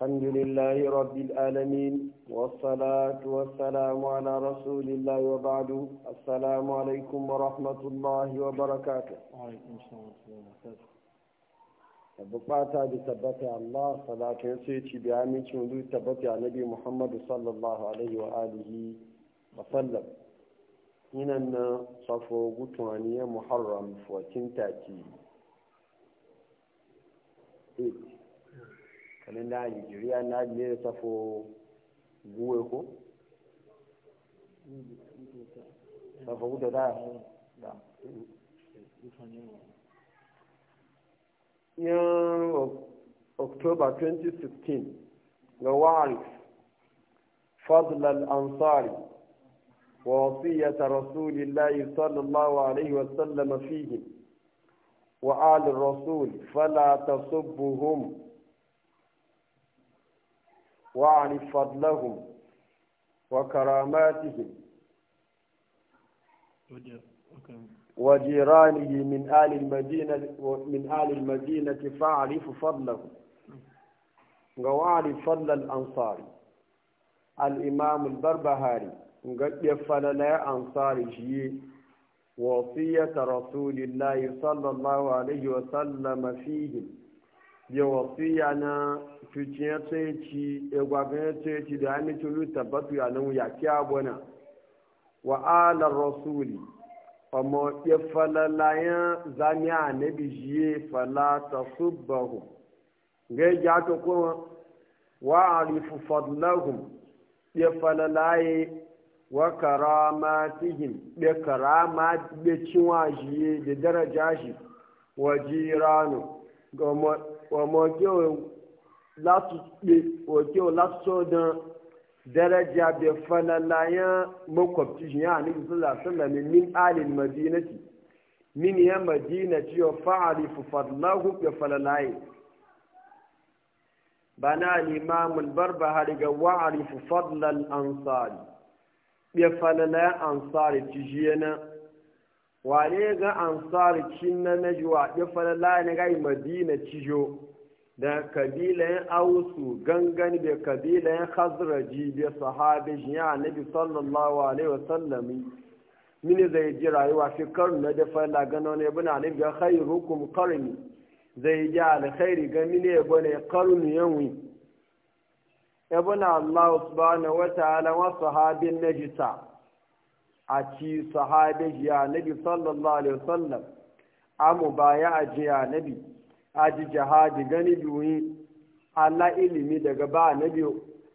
الحمد لله رب العالمين والصلاة والسلام على رسول الله وبعد السلام عليكم ورحمة الله وبركاته الله da tabbata Allah salatin sai ci bi amincin zuwa tabbata annabi Muhammad sallallahu alaihi wa alihi kanin da nigeria na ne da safo guwe ko safo guda da da yan october 2016 ga wa'arif فضل الأنصار ووصية رسول الله صلى الله عليه وسلم فيهم وآل الرسول فلا تصبهم واعرف فضلهم وكراماتهم وجيرانه من آل المدينة من آل المدينة فاعرف فضلهم واعرف فضل الأنصار الإمام البربهاري قد يفعل لا أنصار شيء وصية رسول الله صلى الله عليه وسلم فيهم ya wasiya na tuciya tsaye ci ya gwagana tsaye ci da hannun tulu tabbatu ya nan ya kiya gona wa alar rasuli amma ya falalayan zamiya na bijiye falata subbahu gai ya ta kuma wa arifu fadlahum ya falalaye wa karamatihim ya karama ya cinwa jiye da daraja shi wa jiranu ga ọmọ kí o láti pè o kí o láti sọ́dán dẹ́rẹ́jà bẹ fanalaya mọ́kọ̀tì yẹn àníbi sọ́dà sọ́dà mi ní àlè màdínàtì mí ni yẹn màdínàtì yọ fáàlì fòfàdúláhùn bẹ fanalaya. bana al-imam al-barbahari ga wa'arifu fadlal ansari ya falala ansari tijiyana wane ga ansar cin na najwa ya falala ne ga madina cijo da kabilan ausu gangan da kabilan khazraji da sahabi ya nabi sallallahu alaihi wasallam mini zai ji rayuwa fi karni na da falala gano ne buna ne ga khairukum qarni zai ji alkhairi ga mini ya bane qarni yanwi ya buna allah subhanahu wa ta'ala wa sahabin najita a ci sahabe ya nabi sallallahu alaihi wasallam amu baya a ya nabi a ji jihadi gani biyu Allah ilimi daga ba nabi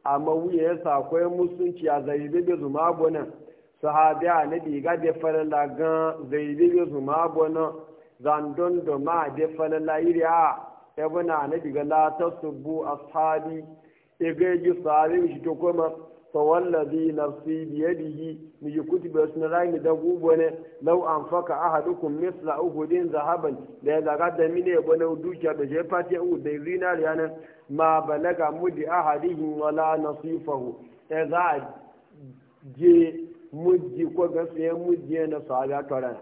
amma wuya ya sakwai musulunci a zaibe da zuma gona sahabe a nabi ga da falala gan zaibe da zuma gona zandon da ma da falala iri a ebuna nabi ga la tasubbu ashabi igaji e sahabe shi to kuma fawallazi nafsi biyadihi mi yukuti bi asmirai mi dagu bone law anfaka ahadukum misla uhudin zahaban da daga da mine bone dukiya da je fati u da zinar yana ma balaga mudi aha ahadihim wala nasifahu e za je mudi ko ga sai mudi na sahaja tara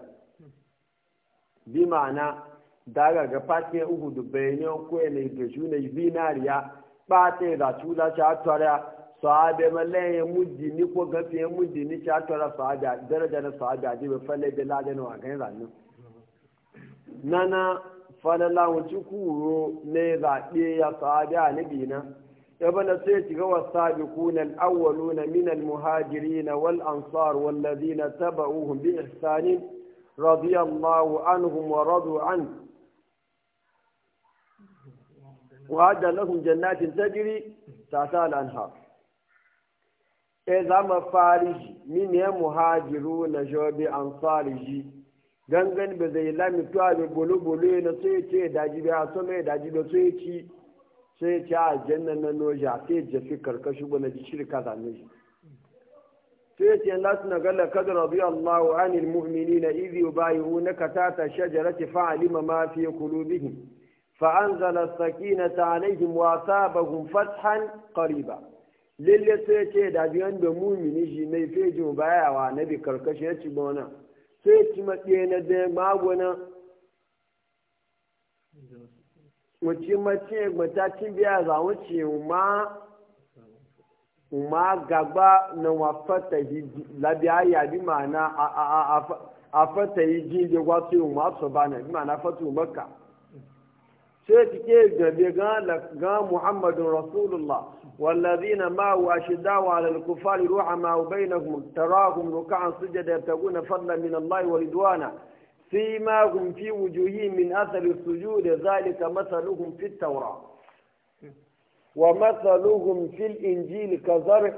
bi ma'ana daga ga fati uhudu bayne ko ne da shune zinariya ba ta da tula ta tara sahabe malaye ya muddi ni ko gafi ya muddi ni ta tora sahabe daraja na sahabe a bai falle da ladan wa kan zanin nana falala wuci kuro ne zaɓe ya sahabe a nabi na ibn sai ci ga wasabiqun al-awwalun min al na wal ansar wal ladina tabauhum bi ihsan radiyallahu anhum wa radu anhu وأعد لهم جنات ta تحتها الأنهار e zama fariji min ya e muhajiru na jobi an fariji gangan ba zai lami tuwa da bolo bulu e na sai ce daji bi a sama ya daji da sai ci sai ci a jannan na noja sai jafi karkashi ba na ji shirka zane shi sai ce na suna galla kadar rabi Allah anil mu'mini na izi yubayihu na katata shajarati alima ma fi qulubihim fa anzala sakinata alaihim wa asabahum fathan qariba lalle sai ce da biyan da mumini shi mai fejin bayawa na bi karkashin ya ci gona sai ci matse na da magona wacce mace matakin biya za wuce ma ma gaba na wafata labiya ya bi ma'ana a fata yi wato yi ma su ba na bi ma'ana fatu makka sai cike قال محمد رسول الله والذين معه أشداء على الكفار روح ما بينهم تراهم ركعا سجدا يبتغون فضلا من الله ورضوانا فيما هم في وجوههم من أثر السجود ذلك مثلهم في التوراة ومثلهم في الإنجيل كزرع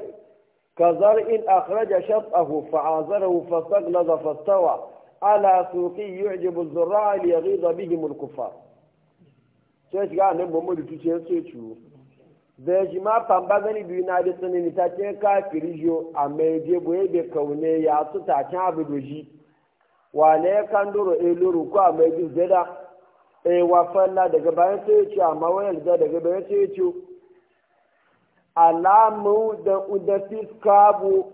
كزرع أخرج شطأه فعازره فاستغلظ فاستوى على سوقه يعجب الزراع ليغيظ بهم الكفار sai shiga nan muhammadu tuciyar sai ciwo da shi ma famba gani biyu na da tsanani ta ce ka firijo a mai je boye da kaune ya su ta can abu doji wane ya kan doro e loro ko a mai bin da e wa falla daga bayan sai ciwo amma wayar da daga bayan sai ciwo alamu da uda fiskabu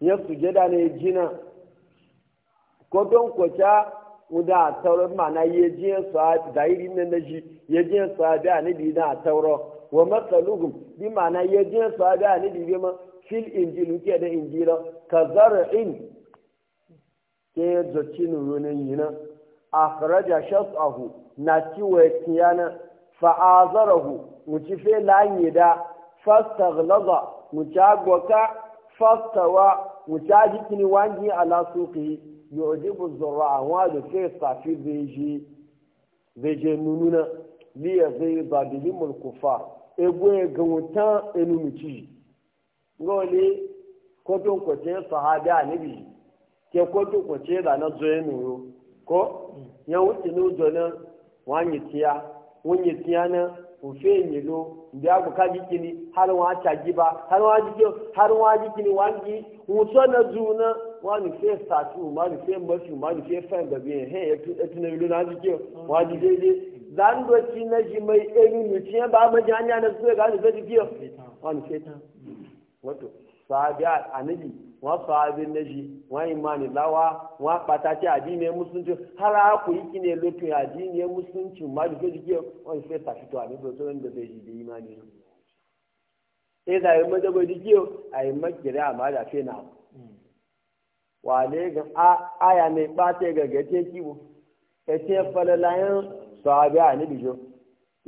ya sujada ne jina ko don wanda a tauro na ya jiyan sahabi zahiri nan na shi ya jiyan su a nabi na a tauro wa matsaluhum bi ma'ana ya jiyan su a nabi bi ma fil injilu ke da na ka in. ke zaci nurunin yina akhraja shas'ahu na kiwa kiyana fa'azarahu muci fe lanyi da fastaghlaza muci agwaka fastawa muci ajikini wangi ala suqihi yujibu zurra àwọn àdùkẹ́ ìsàfi veje nununa liya zai badili mulkufa egwe gawuta enumuci ngole kwatun kwace sahada nabi ke kwatun kwace da na zoye nuro ko ya wuce n'ụzọ na nwanyị tiya nye na ofe ndị na na wani fe statu wani fe mafi wani fe fan da biyan hen yake na miliyan ji ke wani daidai zan doki na ji mai eri mutu yan ba mai jani na suwe ga da zai biya wani fe ta wato sabi a nabi wa sabi na ji wa imani lawa wa patati adini ya musulunci har haku yi kine lotu ya adini ya musulunci wani fe ji ke wani fe ta fito a ne zo zan da zai ji da imani ne. Ina yi mata gwadi kiyo a yi makira a ma da fe na abu. wale ga aya mai ɓata ga gace kiwo ya ce falalayen sahabi a nabi jo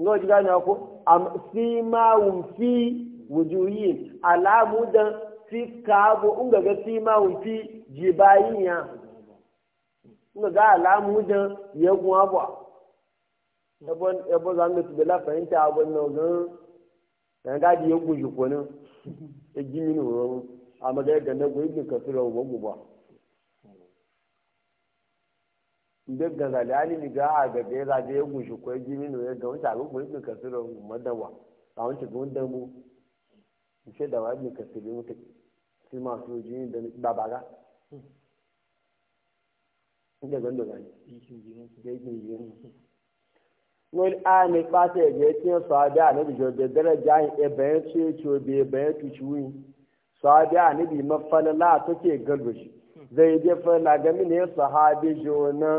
ngo ji gane ko am fi ma wun fi wujuyi alamu dan fi kabo unga ga fi ma wun fi jibayin ya unga ga alamu dan ya kuma ba yabon yabon zan ga tubela fahimta abon nan gan dan ga di ya guji ko nan e jimi ne wuro amma ga ga na guji ka tsira wa ba duk ga zalali ni ga a ga ya zaje ya gushi ko ji minu ne ga wata ga gushi ka sirrin madawa a wancan ga damu mu ce da wani ka sirrin wata shi ma su ji da babaga inda gando ga ya yi ji wani ana fata ya je cikin sa'ada a nabi jordan daraja ya bayan ce ce bai bayan tuci wuyi sa'ada a nabi mafalala take galbashi hmm. zai je fana ga mini sahabi jona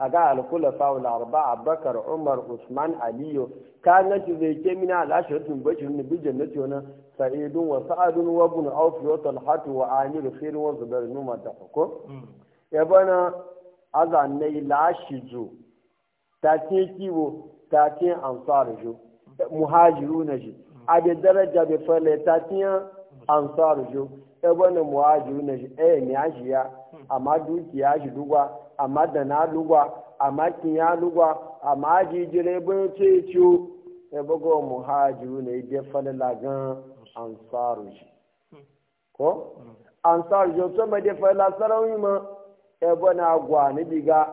a ga alkula fa'ul arba abakar umar usman aliyu ka na ci zai ke mina al'ashiratun bashirin na bijin na ciwo sa'idun wa sa'adun wa bin aufi wa talhatu wa amir khairu wa zubair numa da ko mm. ya bana azanai lashiju ta ce kiwo ta ce ansar jo muhajiru na ji mm. a da daraja bi fara ta ce ansar jo ya bana muhajiru na ji ɗaya eh, ne ya mm. amma dukiya shi duba amma da na lugwa amma kin ya lugwa amma jijire bin ce ciwo ya bugo muhajiru na ya fada gan ansaru ji ko ansaru otu to mai fada la ma ebe na gwa ni diga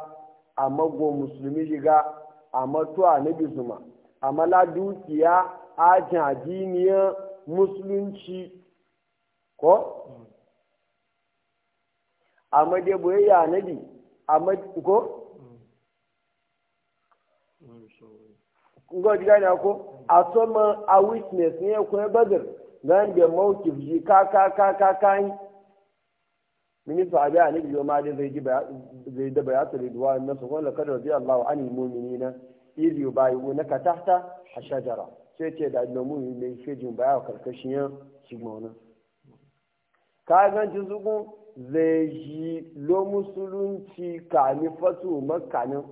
amma musulmi diga amato to anabi zuma amma dukiya ajin ajiniya musulunci ko mm. amma dai boyayya anabi amma ko ngo diga na ko a so ma a witness ne ko e badr nan da mawkif ji ka ka ka ka kan minista abi ani biyo ma dai zai ji zai da bayatu ridwan nasu ko la kad radiyallahu anil mu'minina idh yubayyi'unaka tahta ashajara sai ce da annabi mu'min ne sai jin baya karkashin shigon nan ka ganci zugun zai ji lo musulunci kani fasu makanin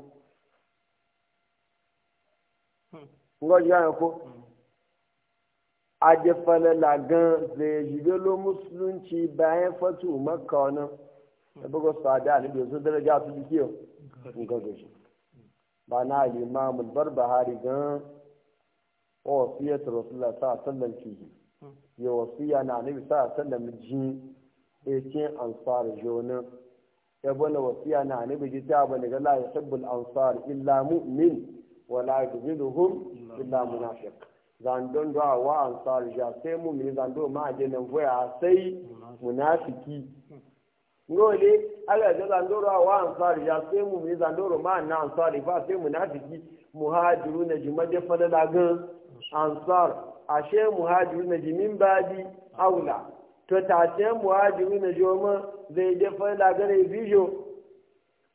hmm. ngoji yana ko hmm. ajefana gan zai yi lo musulunci bayan fasu makanin hmm. e da bugu sada ne bai sun daraja su ji kiyo ngoji shi ba na alimamul barbahari gan wasiyatu rasulullah sallallahu alaihi wasallam ki yi wasiya na annabi sallallahu alaihi wasallam ji ekin ansar jonin ya bane wasiya na annabi ji ta bane ga la yuhibbul ansar illa mu'min wa la yuhibbuhum illa munafiq zandon do wa ansar ja sai mu'min zando ma je nan voya sai munafiki ngole ala ga zando do wa ansar ja sai mu'min zando ma na ansar fa sai munafiki muhajiruna e jumade fa da ga ansar ashe muhajiruna e jimin badi aula to tace muhajiri na mu zai je fala gare bijo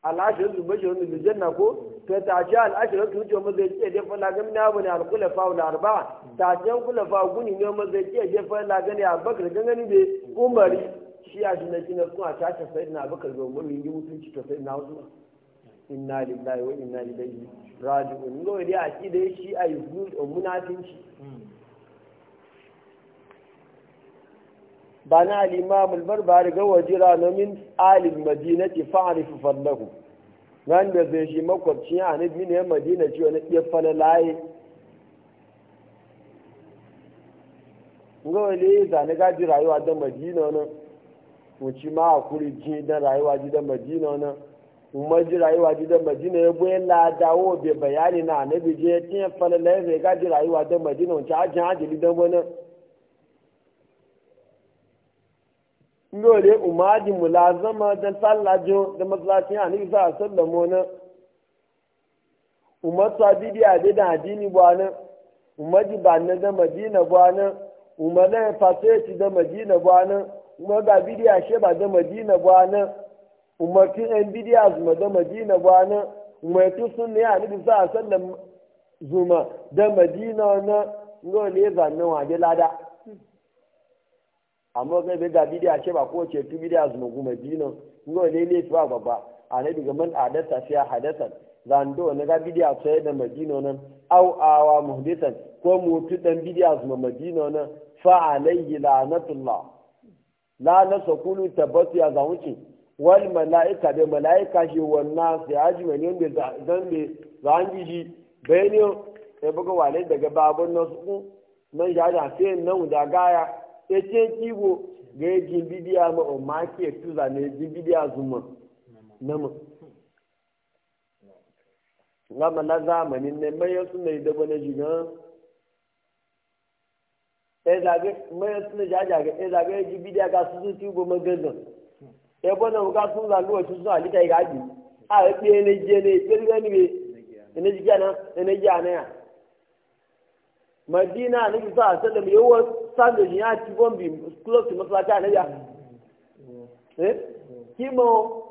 al'ashir su bashi wani bijanna ko to tace al'ashir su mu zai je je fala gami na bane fa wala arba tace fa guni ne mu zai je je fala gane abakar gangani be umari shi a shi na shi na kuma tace sayyidina abakar mu umar yin mutunci to na usman inna lillahi wa inna ilaihi raji'un ngo dai akidai shi ayi good o munafinci ba na al-imam al-barbari ga wajira na min alil madinati fa'rifu fadlahu nan da zai shi makwabci a nan min madina ci wani iya falalaye ga wani zane gaji rayuwa da madina nan wuci ma a kuri ji da rayuwa ji da madina nan kuma ji rayuwa ji da madina ya boye ladawo bai bayani na annabi je ya tiyan falalaye zai gaji rayuwa da madina wuce ajin ajili da wani dole umaji mulazama da sallajo da masallacin annabi sa sallamo na umar sadidi a da addini bwana umaji ba na da madina bwana umar na fasaici da madina bwana umar ga bidiya she ba da madina bwana umar kin yan bidiya zuma da madina bwana umar tu sunne annabi sa sallam zuma da madina na dole zanna wa lada amma kai bai ga bidiya ce ba kowace tu bidiya zuma goma dino ngo ne ne tuwa babba a na daga man adasa fiya hadasa zando na ga bidiya tsaye da madino nan au awa muhdisan ko tu dan bidiya zuma madino nan fa alayhi la'natullah la na sakulu tabbatu ya zawuci wal mala'ika da mala'ika shi wannan sai ajmani ne da dan ne zangiji bayani sai buga wale daga babun nasu man jaja sai nan da gaya ece kiwo ga eji bidiya ma o e e e ma ki etuza na eji bidiya zuma nama gama na zamanin ne mayan suna yi dabo na jigan mayan suna jajaga e zaga eji bidiya ga su sun kiwo magazin e bana ga sun zalu wa sun alita ga abi a ya ɓe ne je ne ɓe ga ni be ne ji kana ne ji ana ya madina ne sa sallam yawan sanda ni a ti bɔn bi kulo ti masalaka ne ya he ki mo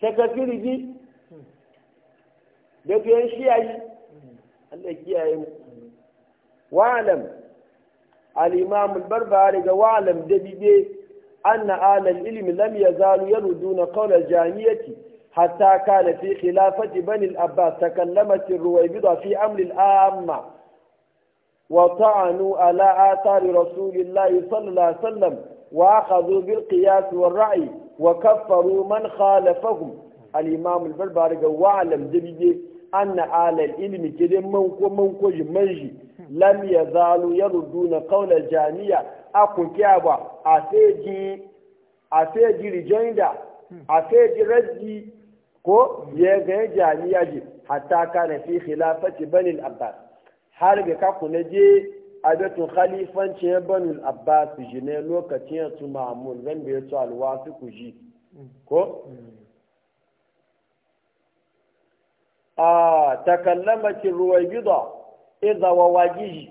sekretiri bi mm. de ko en shi ayi mm. alle ki ayi wa alam al imam al barbari ga wa alam de bi de an al al ilm lam yazalu yaruduna qawl al jamiyati حتى كان في خلافة بني الأباس تكلمت الرويبضة في أمر الأمة وطعنوا على آثار رسول الله صلى الله عليه وسلم وأخذوا بالقياس والرأي وكفروا من خالفهم الإمام البربري وعلم دبيجي أن آل العلم كده منكو منكو جمجي لم يزالوا يردون قول الجامية أكون كعبة أسيجي أسيجي رجيندا أسيجي ردي ko ya ga jami'a ji hatta kana fi khilafati bani al-abbas har ga kaku na je a betun khalifancin banul abbas ji ne lokacin ya tu mamun zan bai su alwasu ku ji ko a takallamacin ruwai bida idza wa wajiji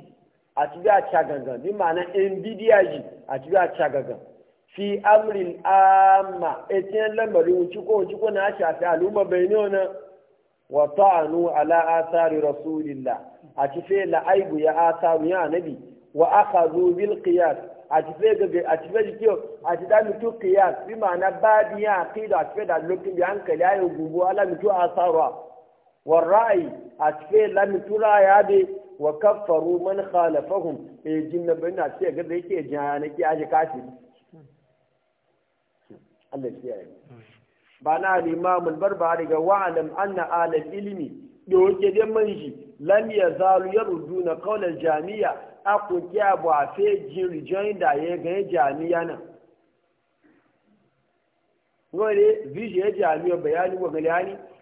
a ci a cagagan bi ma'ana in bidiya ji a ci a cagagan fi amrin amma etiyan lamarin wuci ko wuci ko na shafi al'umma bai ne wa ta'anu ala asari rasulillah a ci fe la aibu ya asaru ya nabi wa aka zo bil qiyas a fe ga a fe jike a ci da mutu qiyas bi ma'ana babi ya aqida a ci fe da lokacin bi hankali ayo gugu ala mutu asara wa ra'ayi a ci fe la mutu ra'aya de wa kaffaru man khalafahum e jinna bin a ci ga da yake na ki ji kashi Allah ya yi ba na limamul barbari ga wa'alam anna alal ilmi da wake dai manji lam ya zalu ya rudu na kaular jami'a a kuke abu a fe jin rijiyoyin da ya gaya jami'a nan wani vijiyar jami'a bayani wa gani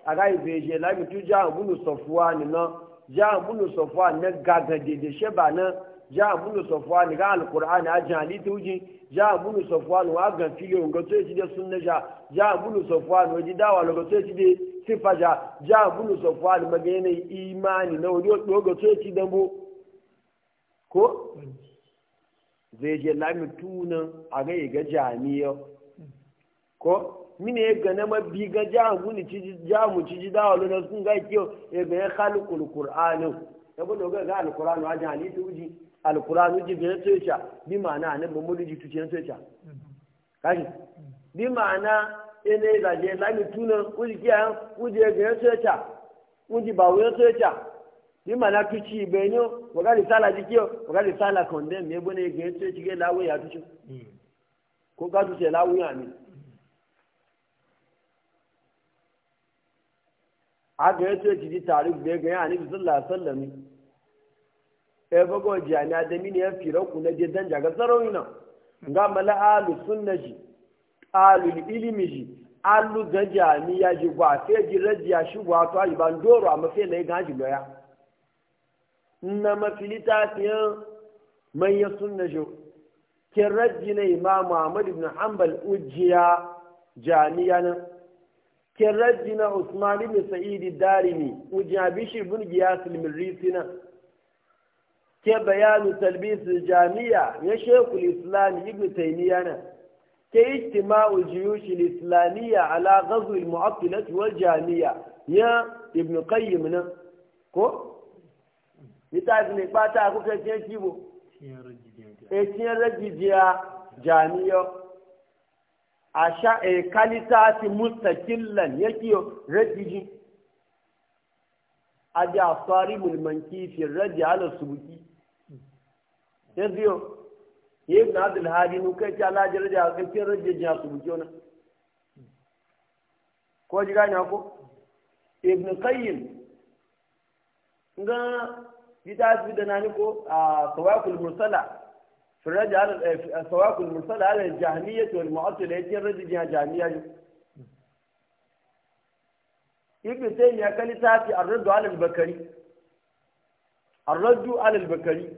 a ga ife je lami tu jihar bunu sofuwa ni na jihar bunu sofuwa na gagadede sheba na jihar bunu sofuwa ni ga alkur'ani a jihar litujin ja bunu safwan wa gan fili on gato yaji da sunna ja ja bunu safwan waji dawa lo gato yaji da sifa ja ja bunu safwan magana imani na wadi do gato yaji da ko zai je lami tunan a ga ga jami'a ko mine ya gane mabi ga jamu ni ci jamu ci ji dawa lo sun ga kiyo ya ga khalqul qur'anu yabo do ga alqur'anu a jani tuji alkuranu ji biyan tsoyaca bi ma'ana ne mamadu ji tuciyan tsoyaca kashi bi ma'ana ina na zaje lami tunan uji kiyayen uji biyan tsoyaca ba bi ma'ana tuci waga waga lawo ya tuci ko lawo ya ne a ji sallallahu alaihi e bago jana da mini ya fira ku na jidan dan jaga sarauni na ga mala alu ji alu ilimi ji alu ga jami ya ji gwa fe ji ya shi gwa to ayi ban doro amma fe lai ga ji loya na mafilita tiyan manyan ji. kin raji na imam Ahmad ibn Hanbal ujiya ya nan kin raji na Usman ibn Sa'id Darimi ujiya Bishir ibn Giyas al ke bayanu talbis jami'a ya sheku islam ibn taymiya na ke ijtima'u jiyush islamiyya ala ghazw al mu'attilat wal jami'a ya ibn qayyim na ko litafi ne fata ku ke cin kibo e cin rajijiya jami'a a sha e kalita ti mustaqillan yake rajiji a sarimul mulmanki fi rajji ala subuki ينزيو يبنى عبد الهادي نوكي تعالى جرجع قلت يرجع جاسو بجونا كواج قاني أكو ابن قيم نا جتاس بدنانكو آه، سواك المرسلة فرجع آه، آه، سواك المرسلة على الجهمية والمعطلة يرجع جهمية ابن تيمية قال لي تاتي الرد على البكري الرد على البكري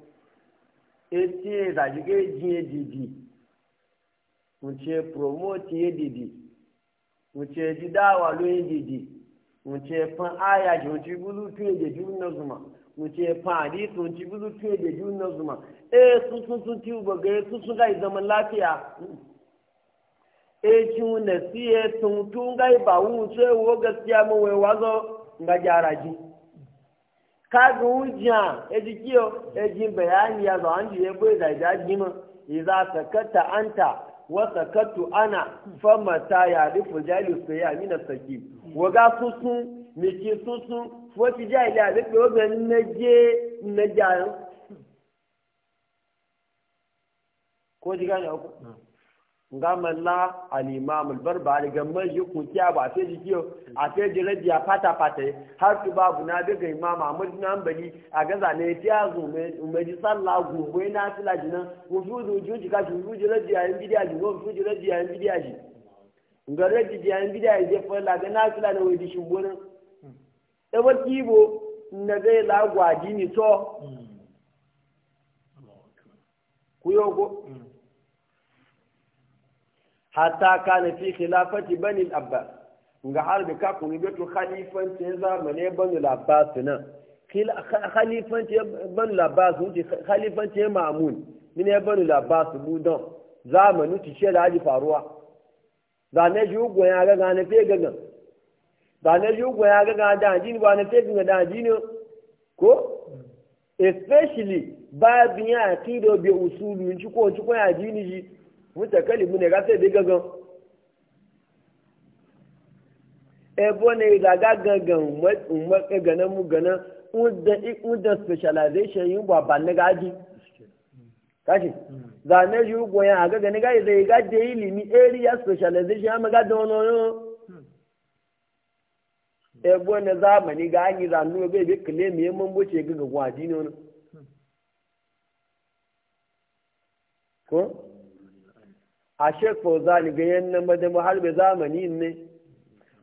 eti ìdàjúgé jí èdìdì ǹṣe promote edidi ǹṣe dídáwà ló edidi ǹṣe pan ayájú ǹṣe búlú tún èdèjú nọ́zùmá ǹṣe pan àdìsù ǹṣe búlú tún èdèjú ee tuntun tún tí o ga tuntun ká ìdánmọ láfíà etu wo kaga wujiya ya ji kiyo ya ji bayani ya zuwa hanji ya bai da ja gima ya za ta kata anta wa sakatu ana fama ta ya rufu jali su ya mina saki waga susu miki susu wata jali ya rufe waga na je na jayan ko ji hmm. gane ku gama la al-imam al-barbari gama ba sai ji a sai ji rabi pata fata har su babu na daga imam ahmad nan bali a gaza ne tiya zo me ji sallah gobe na fila jina e nan ko su zo ji ji ka su zo ji yin bidiya ji ko su ji rabi yin bidiya ji ga rabi ji yin bidiya ji fa la ga na fila na wai shin bonan e kibo na zai la ji ni to hmm. ku yo go hmm. hatta kana fi khilafati bani al-abbas ga har da kaku ne beto khalifanci ya zamane bani al-abbas nan khalifanci bani al-abbas wuce khalifanci mamun min ya bani al-abbas budan zamanu ti shi da haji faruwa da ne ji ugo ya ga gane fe gaga da ne ji ugo ya ga ga da ni ba ne fi gaga da jini ko especially ba biya akido bi usulu ci ko ci ko ya ni ji mutakalimu ne ka sebe gangan ebo ne daga gangan umarka gana mu gana udan specialization yi ba ba na gaji kashi zane shi goyon a gaga ni gaji zai gaji ilimi area specialization ya maga da wani wani ebo na zamani ga anyi zanu bai bai kile mai mamboce gaga gwaji ne wani ko ashe ko zani ga nan madama har bai zamani ne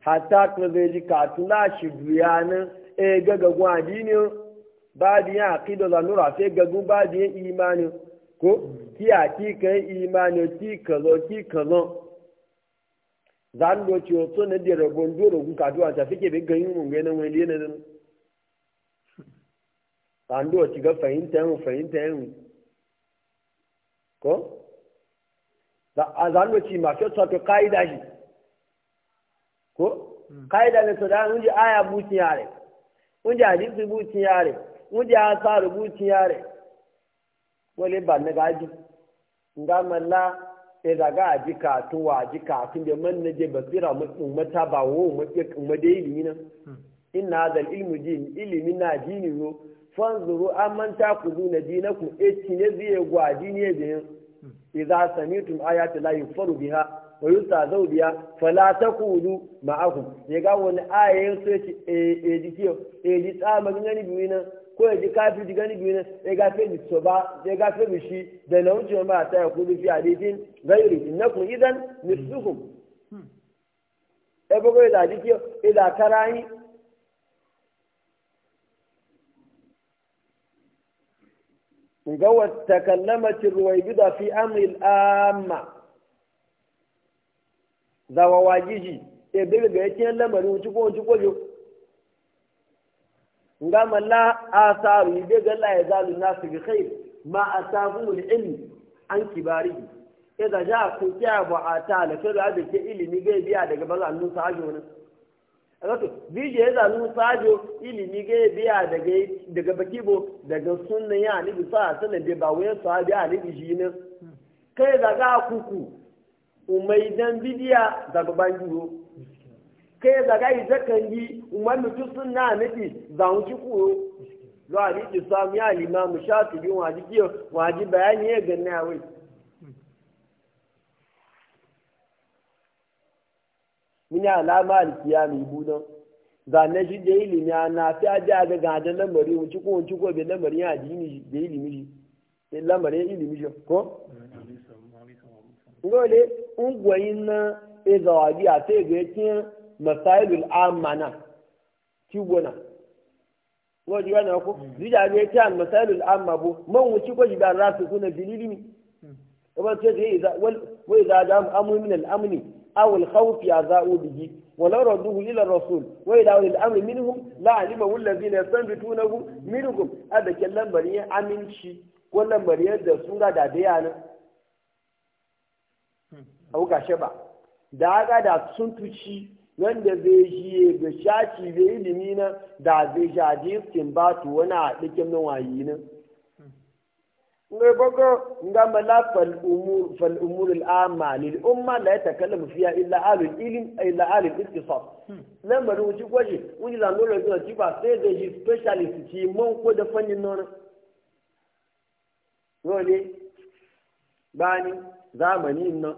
hatta kuma zai ji tuna shi duya nan e ga gwadi ne ba da la nura fe ga gun ba di imani ko ki a ki kan imani ki zo ki kazo zan do ci ne dire bon rabon doro ka katuwa ta fike bai ganin mun nan wani ne nan zan do ci ga fahimta mu fahimta mu ko a zanwaci masu yadda to ka'ida shi ko ka'ida hmm. na sada mun ji aya bucin yare mun ji hadisi bucin yare mun ji asaru bucin yare wale ba na gaji nga malla e daga aji katun wa aji katun da man na je basira mata ba wo mata ilimi nan hmm. inna hadal ilmu jin ilimi na jini yo fanzuru amman ta kudu na dinakum e tine gwa dini ya Iza سمعتم ayati la yufaru biha wa بها فلا fala taqulu ma'akum ya ga wani aya sai ci e ji kiyo e gani biyu ko ya ji ji biyu ya ga fe ji ba ya ga fe shi da na wuce ma ta ya kudu fi hadithin gairi innakum idan misluhum e bago da ji kiyo ila karani ga wata kallamacin ruwaibida fi amril amma zawa wajiji e birga ya cikin lamarin wuce ko wuce kwajo nga malla asaru ibe ga la ya zalu nasu bi khair ma asabu al ilm an kibari idza e ja ku ya ba ata la fi da ke ilimi ga biya daga bazan nun sa ajo wato bije ya zanu, sajo ilimi ga biya daga daga bakibo daga sunnan ya ni bisa sanan da ba wayan sahabi a ni bi jina kai daga kuku umai dan bidiya daga baban juro kai daga ga izakan yi umar mutu sunna nabi za mu ci kuro lo ali islam ya al-imam shafi'i wajibi wajibi bayani ya ganna wai mini alama alkiyami budan zane shi da ilimi na fi aji a gaga da lamari wuci ko ko bai lamari ya ji da ilimi shi sai e lamari ilimi shi ko ngole ungwayin na e a sai ga e yake masailul amana ki gona ngoji yana ko zija mm. ga e yake masailul amma bu man wuci ko jibar rasu kuna bililimi kuma mm. ce da wai da amru min al-amni awul hau fiyaza a wani jiki wani lauɗa duhu yi la rasu. wani idan awanni al'amir milikin la'aliba wulɗa zina da san bi tunanin milikin adakin lambarin yin aminci ko lambarin yin dattuna da adaya na. da aka da tsuntuci wanda zai shi da shaci bai yi da ni na da azai shi a jinsin wani a da ke nawa mai bago ga mala fal umur al'amma lil umma la yatakallamu fiha illa alul ilim illa alul iktisad hmm. nan bari wuci gwaji wuci la ngolo zo ci ba sai da ji specialist ci mon ko da fanni non dole bani zamani nan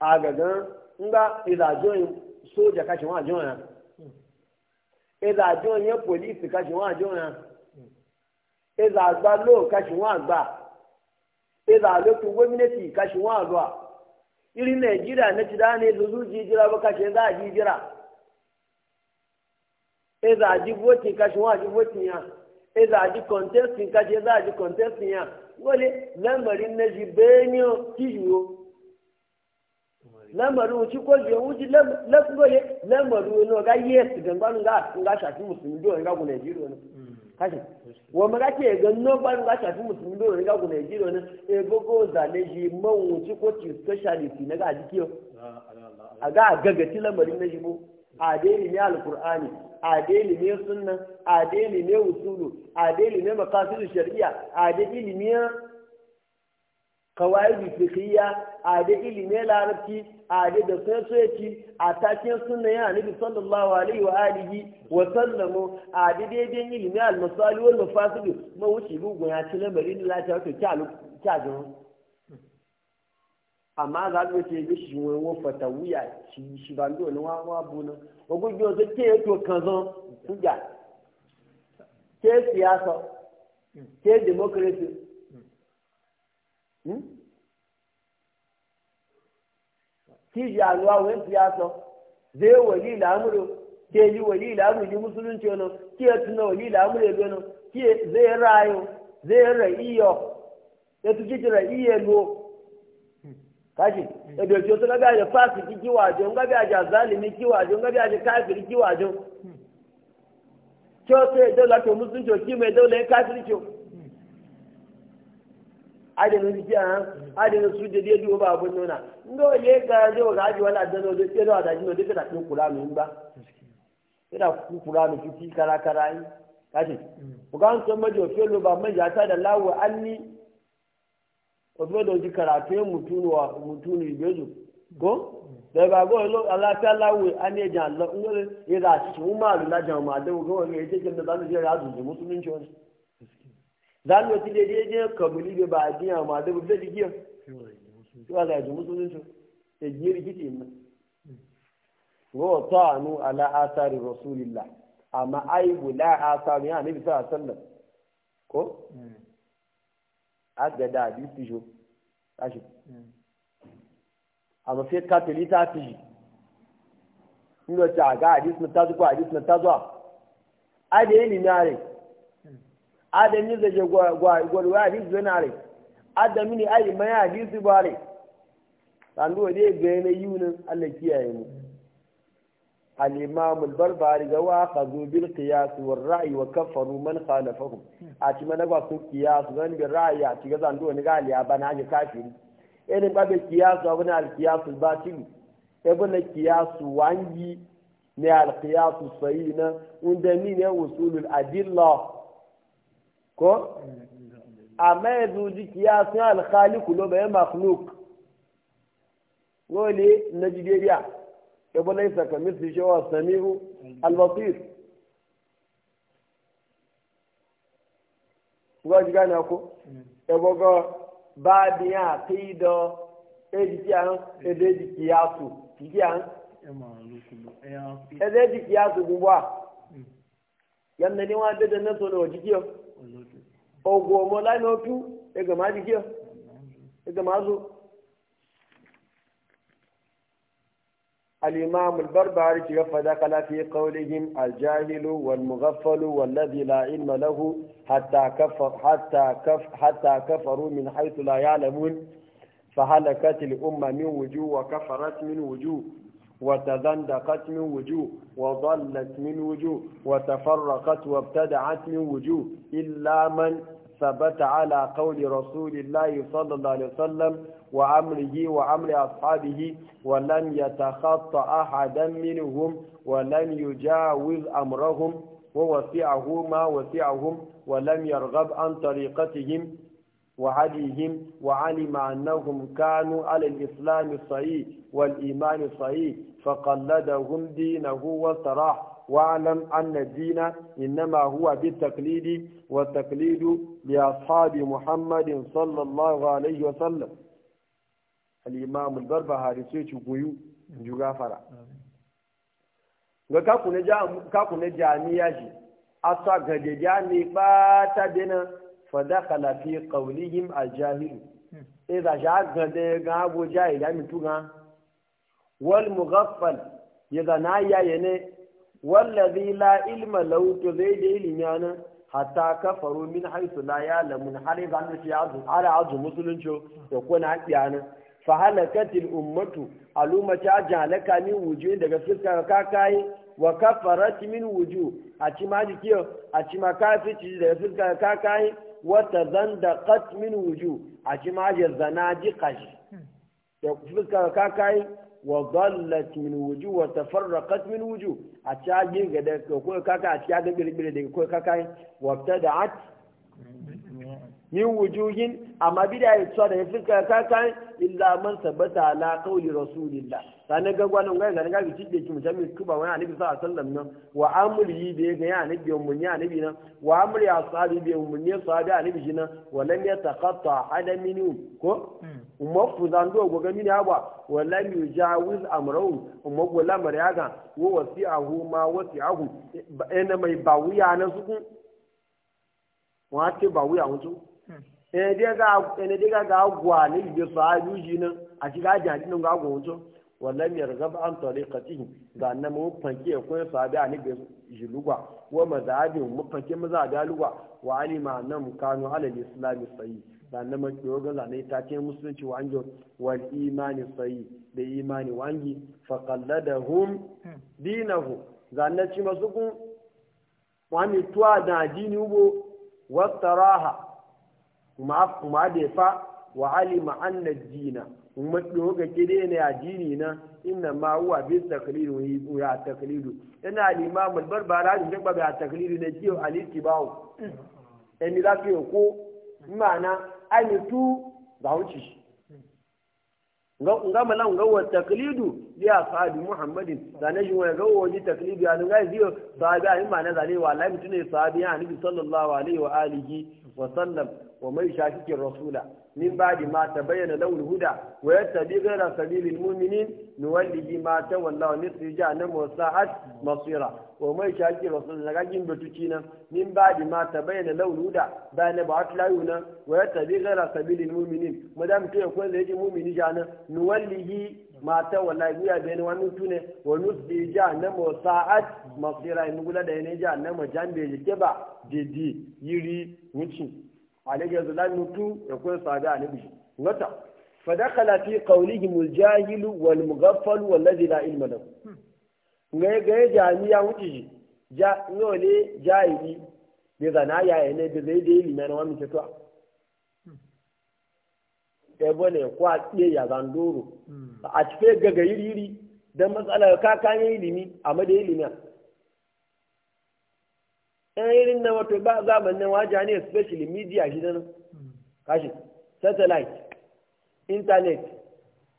a gagan nga ilajoyin soja kashin wa jona hmm. ilajoyin police kashin wa jona eza agba lo kashi wọn agba eza alokun gominati kashi wọn agba iri nigeria na ti dani zuzu jijira ba kashi za a jijira eza aji voting kashi wọn aji voting ya eza aji contesting kashi za a aji contesting ya wọle lamarin na ji benyo kiyo lamarin wuce ko je wuce lamarin lamarin no ga yes gan ba ga nga shafi musulmi do ga ku Najeriya ne kashi wa ma kake ga no ba nga shafi musulmi do ga ku Najeriya ne e gogo da ne ji man wuce ko ti specialist na ga yau? a ga gaga ti lamarin na jibo a dai ne alqur'ani a dai ne sunna a dai ne usulu a dai ne maqasidu shar'iyya a dai ne kawaidi fiqhiyya a da ilimin larabci a da da soyaci a takin sunna ya nabi sallallahu alaihi wa alihi wa sallamu a da daidai ilimin al-masali wal mafasid ma wuce gugun ya ci lamarin da ta to kyalu kyajin amma za ka ce bi shi wani wofa ta wuya shi shi ban do ne. wa buna wa gugun zo ke to kanzo kuja ke siyasa ke democracy kiji aluwa wani siyasa zai wali lamuru ke keji wali amụrụ ji musulunci wani ke tuna wali amụrụ ya gano ke zai rayu zai ra'iyo ya tuki ji ra'iyo lo kashi ya doke su gabi aje fasiki kiwajo gabi aje zalimi kiwajo gabi aje kafiri kiwajo kyo sai daula to musulunci ki me daula ya kafirci adana jiki mm. a adana su da zai duba abin nuna nga wale ga zai wa aji wani adana wajen tsere wa dajin wajen kada kula min ba da ku kula min fiti kara kara yi kashi ku ga wancan majo felo ba manja ta da lawo an ni wasu da wajen karatu yin mutunu wa mutunu ibezu go, mm. da ba go lo ala ta lawo e an ne lo ngore ya da shi ma lu la ja ma da go ga ce da za mu ci da daidai kabuli bai ba a jiya ma da bufe jikiyar su a gaji musulunci da jiya rikici nan wa ta'anu ala asari rasulillah amma ai bula asari ya nabi sa sallam ko agada bi tijo tashi amma sai katoli ta tiji inda ta ga hadis na tazuwa hadis na tazuwa ai da yi ne adamin da je gwalwa hadisi yana rai adamin ne ayi mai hadisi ba rai sanduwa dai ga yana yunin allah kiyaye mu al-imam al-barbari ga wa khadhu bil qiyas wal ra'i wa kafaru man khalafahum a ci mana ba su qiyas zan bi ra'ayi a ci ga zanduwa ni ga aliya bana ji kafiri irin ba be qiyas wa bana al-qiyas al-batil ibn e al-qiyas wangi ne al-qiyas sayyina unda ne usulul adillah ko amma ya zuji kiya sun alkhaliku lo bayan makhluk wani na jigeriya ibu laisa ka misli shawa sami'u albasir kuka ji gane ko ibu ga ba biya kai da eji kiya edeji kiya su kiya edeji kiya kiyasu gugwa hmm. yamna ni wa dada na so da wa jikiyo ogun ọmọ láìní ojú ẹgbẹ̀ máa dìgí ọ ẹgbẹ̀ máa zo الإمام البربري كيف دخل في قولهم الجاهل والمغفل والذي لا علم له حتى كفر حتى كف حتى كفروا من حيث لا يعلمون فهلكت الأمة من وجوه وكفرت من وجوه وتزندقت من وجوه وضلت من وجوه وتفرقت وابتدعت من وجوه إلا من ثبت على قول رسول الله صلى الله عليه وسلم وأمره وأمر أصحابه ولم يتخط أحدا منهم ولم يجاوز أمرهم ووسعه ما وسعهم ولم يرغب عن طريقتهم وعليهم وعلم أنهم كانوا على الإسلام الصحيح والإيمان الصحيح فقلدهم دينه واستراح واعلم أن الدين إنما هو بالتقليد والتقليد لأصحاب محمد صلى الله عليه وسلم الإمام البربهاري سيتو قيو جغافرة ga kaku na jami'a shi a sa gaje jami ba ta dina fadakala fi kaunihim a jahilu ɗaya za shi a gade ga abu jahila mitu ga wal mughaffal ya zana yaye ne wallazi la ilma lahu to zai da ilimi na hatta kafaru min haisu la ya'lamun har ga annabi ya azu ala azu musulunci da kuna hakiyana fa halakatil ummatu aluma ta jalaka min wujuhin daga fiskar kakai wa kafarat min wuju a ci ma jikiyo a ci ma kafici daga fiskar kakai wa tazandaqat min wuju a ci ma zana jikashi hmm. da fiskar kakai wa dallat min wuju wa tafarraqat min wuju a caji ga da ko kaka a cikin da birbire da ko kaka wa tada'at amma bida ya tsada ya fuska kaka illa man sabata ala qawli rasulillah sani gagwa nan gani gani gabi cike ki mujammi kuba wani annabi sa sallam nan wa amri da ya ga ya annabi mun ya annabi nan wa amri ashabi bi mun ne sahabi annabi shi nan wa lam yataqatta hada minhu ko hmm. umma fuzan do go gani ne ba wa lam yujawiz amrahu umma go lamar ya ga wa wasi'ahu ma ahu ina mai bawuya nan su kun wa ce bawuya mutu hmm. ene dai ga ene dai ga gwa ne bi sahabi shi nan a shiga jajin ga go mutu ولم يرغب عن طريقته دعنا مو فانكي يكون صابع عن جلوغا ومذهب مو فانكي مذهب وعلي ما نم كانوا على الإسلام الصحيح دعنا ما يوغا زاني تاكي مسلم وانجو والإيمان الصحيح بإيمان وانجي فقلدهم دينه دعنا ما مسكو واني توا دا ديني وبو واستراها وما ما دفا وعلم ان الدين umarɗo ga kide ne a jini na inna ma huwa bi wa ya taqlidu ina al-imam al-barbara da ba ga taqlidu ne kiyo al-ittiba'u eni da ke ko mana ani tu ga wuci ga nga mala ga wa taklidu li ashabi muhammadin da ne jin ga wa ji taklidu ya nga ji sahabi ai mana zale wallahi mutune sahabi ya ni sallallahu alaihi wa alihi wa sallam wa mai shafikin rasula min ba da mata bayyana da huda wa yadda bi zai da sabibin mummini ni wani bi mata wanda wani na mosa a masuira wa mai shafikin rasula na gagin bututu nan min ba da mata bayyana da huda bayan da ba haka layu nan wa yadda bi zai da sabibin mummini ma za mu ce yankun da yake mummini ja nan ni wani bi mata wanda ya biya wa nus tsirja na mosa a masuira ya nugula da yanayi ja na majan bai ba didi yiri wuce عليه الظلام نتو يكون صادع نبي متى فدخل في قولهم الجاهل والمغفل والذي لا علم له ngai ga jami'a wuce ja nole jahili bai zana yaya ne da zai da ilimi na wani tafiya ebe ne kwa tsaye ya zandoro a cikin gaga yiri yiri don matsalar kakan ilimi a mada ɗan irin na wato ba zamanin wajen ne especially media shi nan kashi satellite internet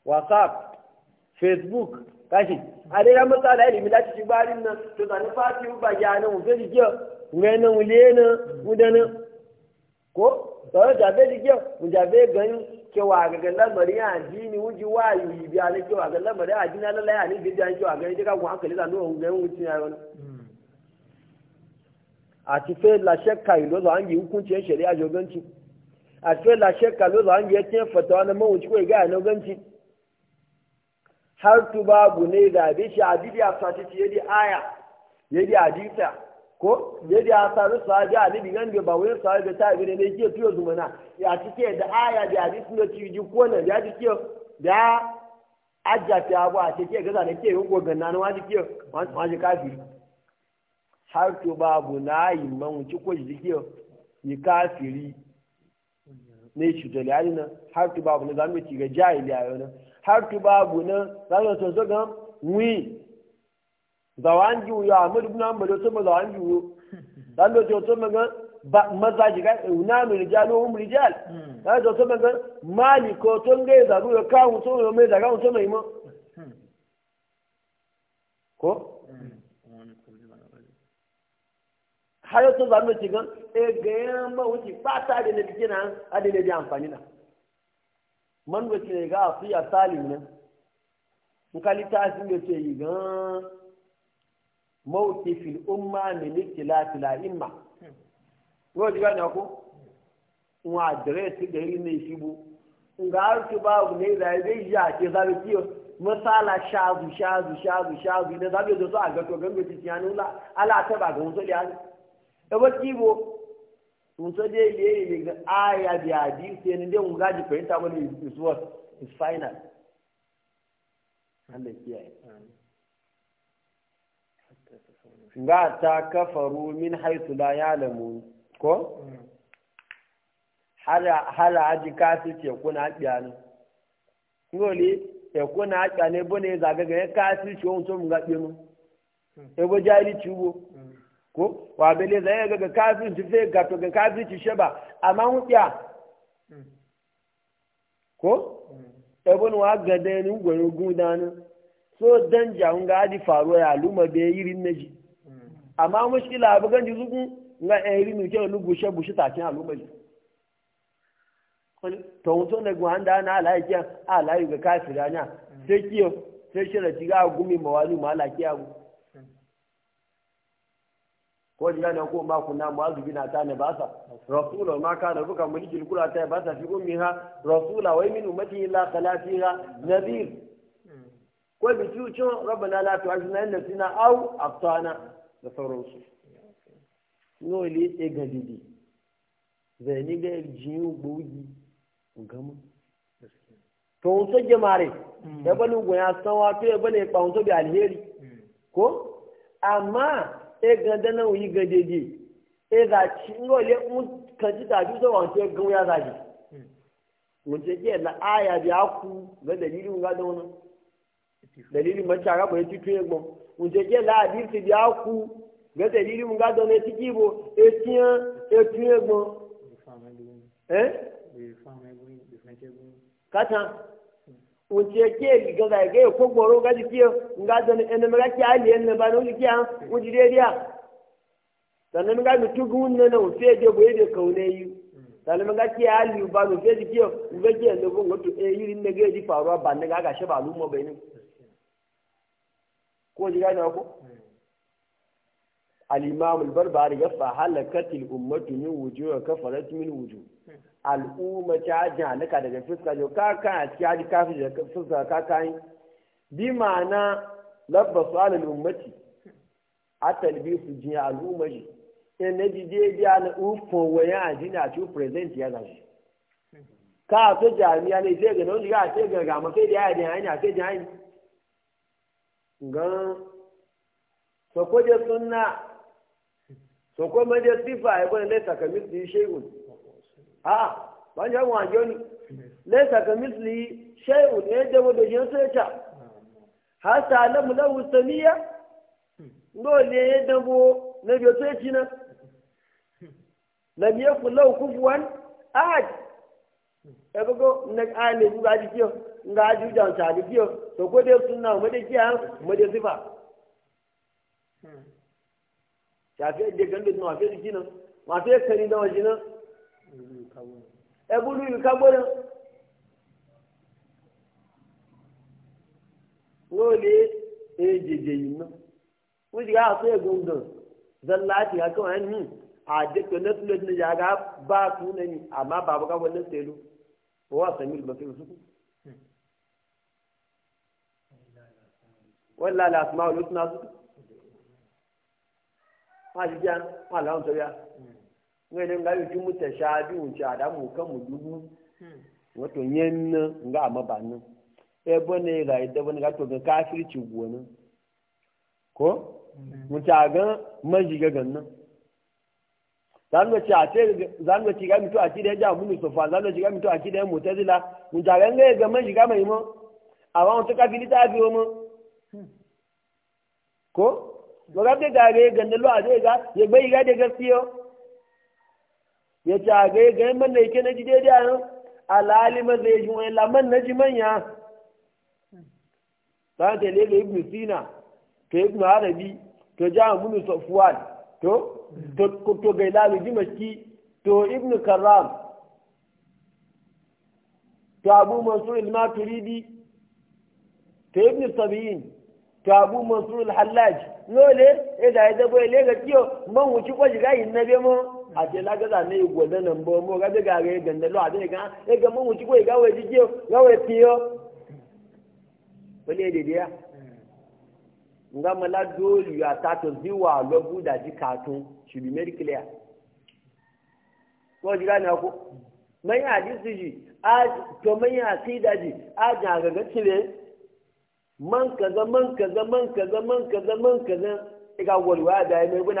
whatsapp facebook kashi a dai ya matsala ilimi lati shi barin nan to zane fati ba ya nan wufe da giyar wufe nan wule nan wuda nan ko tsawon jabe da giyar mu jabe ganin kewa ga lamarin addini wuji wa yi biya na kewa ga lamarin addini na lalaya ne bidiyan kewa ganin duka kun hankali zanuwa ganin wucin ya wani àti fẹ́ la ṣẹ́ka ìlú lọ́wọ́ àǹgì hukunci ẹ̀ ṣẹ̀rí àjọgẹ́ntì àti fẹ́ la ṣẹ́ka lọ́wọ́ àǹgì ẹtí fọ̀tọ̀ ọ̀nà tí kò ìgá ẹ̀ lọ́gẹ́ntì. har tuba bu da bi shi adidi a sati ti yedi aya yedi adita ko yedi a saru ba wani sahabi ta bi ne ke fiyo na ya cike da aya da hadisi na ji ko na ya abu a ne na wani ke har to babu na yi man wuce ko shi dike yi kafiri ne shi da liyari nan har to babu na zamu ci ga jahili a yau nan har to babu na zamu to so ga wi zawan ji wuya amadu ibn hanbal to ma zawan ji wuyo zamu to to ma ga maza ji hmm. ga na mu rijalu hum rijal zamu to so ma ga maliko to ngai zaru ka mu so mai zaga mu so mai ma hmm. ko har yau zanu ci gan e ga yan ma wuce fata da nabi kina ade da bi amfani na man ga ce ga asiya salim ne in ka litafi da ce yi gan mawuce fil umma min ikhtilafi la imma ko ji ga na ko wa adresi da yi ne shi bu nga har ba babu ne da zai ja ke zabi kiyo misala shazu shazu shazu shazu ne zabi da su a gato gangaci tiyanu la ala ta ba ga wasu liyani ebe kibo so dai ile ile ga aya bi adi se ne de un gaji fahimta wani is what is final Allah kiyaye ga ta kafaru min haitu la ya'lamu ko hala hala aji kafi ce kuna hakiya ne ngoli e kuna hakiya e ne bone zaga e ka kafi ce won to mun ga bimu e bo jari ciwo ko wa bele zai ga ga kafin ci zai ga to ga kafin ci shaba amma hutiya ko hmm. ebon wa ga da ni gwaro gudanin so dan jawun ga adi faruwa ya luma be yirin naji hmm. amma mushkila abu ganji jizugun nga eri mi ke lu gushe gushe ta kin aluma ji to wuto ne gwan da na ala ki ala yu ga kafiranya hmm. sai kiyo sai da tiga gumi mawali malaki abu ko ji gane ko ba kunna mu'azu bin ta ne ba sa rasulullah ma kana ruka mulki kula ta ba sa fi ummiha rasula wa min ummati illa qalatiha fiha nadir ko bi tucho rabbana la tu'azna inna sina aw aftana da su no ile e gadidi zai ni ga jiyu gbogi gama to un so jamare mm. ya bani goya sawa to ya bani pa un so bi alheri mm. ko amma e ganda na wuyi gadeji e za ci ngo le mu kan ji da ju so wan ce gun ya za ji hmm. mun ce ke na aya biya ku ga dalilin ga da wannan dalilin mace ga ba ci tuye gbon mun ce ke la hadisi biya ku ga dalilin ga da wannan tiki bo e tiyan e tuye gbon eh kata wunce ke ga ga ga ko goro ga jiki ga da ne ne ga ki ali ne ba no jiki an ah, ku ji dia dan ne ga mutu gun ne no sai je boye da kaune yi ne ga ki ali ba no sai jiki ga ki eh, ne ko to e yiri ne ga ji faruwa ba ne ga ga she ba lu mo be ne ko ji ga na ko al-imam al-barbari yafa fa halakatil ummatu min wujuh kafarat min wujuh al'umma ta janaka daga fuska jo kaka a cikin hadi kafin da fuska kaka yi bi ma'ana labba su alal ummati a talbi su ji al'umma ji in na ji daidai na ufon wayan ji na cikin present ya gashi ka to jami'a ne sai ga nan ji ga sai ga ga ma sai da ya da hanya sai da hanya gan so ko je sunna so ko ma je sifa ai ko ne shegun a'a ban ja mu ajo ni laysa ka misli shay'un yadda e wado jin sai e ta hasa lam lahu samia dole yadda e bo na biyo sai ci na lam yakul lahu kufuwan ahad e bugo na ale bu gaji kiyo nga ju jan ta ji kiyo to ko dai sunna mu dai kiya mu dai sifa shafi da gandu na fi kinan ma fi kari da wajinan ẹbúlú ìlú kágbóná ní òde lè yìí mọ wọ́n ti ká àfẹ gbọngàn zalla ti ká kàn án nù àdètò lẹtulẹ nìyà ká bá a tún lẹni àmà bàbá ká wọlé sẹlú wọn wà sẹmí lọ sí lọsùkú. wọ́n lálẹ́ àtúmọ̀ náà sùkú wọn àti jẹ́ wọ́n àlọ́ àwọn wani nga yi tumu ta sha biyu ci a damu kan mu dubu wato yin nga a mabanin e bone ga yadda e wani ga to hmm. ga ci gona hmm. ko mu ta ga majiga gannan zanu ci a ce zanu ci ga mutu a ci da ya ja mun sofa zanu ci ga mutu a ci da ya mutazila mu ta ga ga ga majiga mai mu awon to ka bilita biyo mu ko ga ga da ga gannan lo a zai ga ya bai ga da gaskiyo ya ce a gai gai man na yake na ji daidai a nan alalima zai ji wani laman na ji manya ta ta ne ga ibn sina to ibn arabi ja jami'a bunu safuwan to to gai lalu maski to ibn karam to abu mansur al-maturidi to ibn sabiyin to abu mansur al-hallaj lole ya da ya zabo ya lega kiyo man wuci kwaji yi na bemo àti lágbàdà ní ìwọ̀dẹ́ nà ń bọ̀ mọ́ gájẹ́ gàrí gẹ̀ǹdẹ̀ lọ àti ìkan ẹgbẹ́ mọ́ ohun tí kò ìgáwó ẹjíjẹ́ o gáwó ẹpin o pẹ̀lú èdèdè yá nga mala dóòlù àtàtò ziwa lọ́gbù dàjí kàtún ṣùgbọ́n mẹ́rìkìlẹ̀ wọ́n ti gánà kó mẹ́yìn àdìsí yìí tó mẹ́yìn àkídà yìí á jẹ́ àgàgà tilẹ̀ mọ́nkàzán mọ́nkàzán mọ́nkàzán mọ́nkàzán mọ́nkàzán ìka wọ̀lùwà àdáyé mẹ́rin bọ́n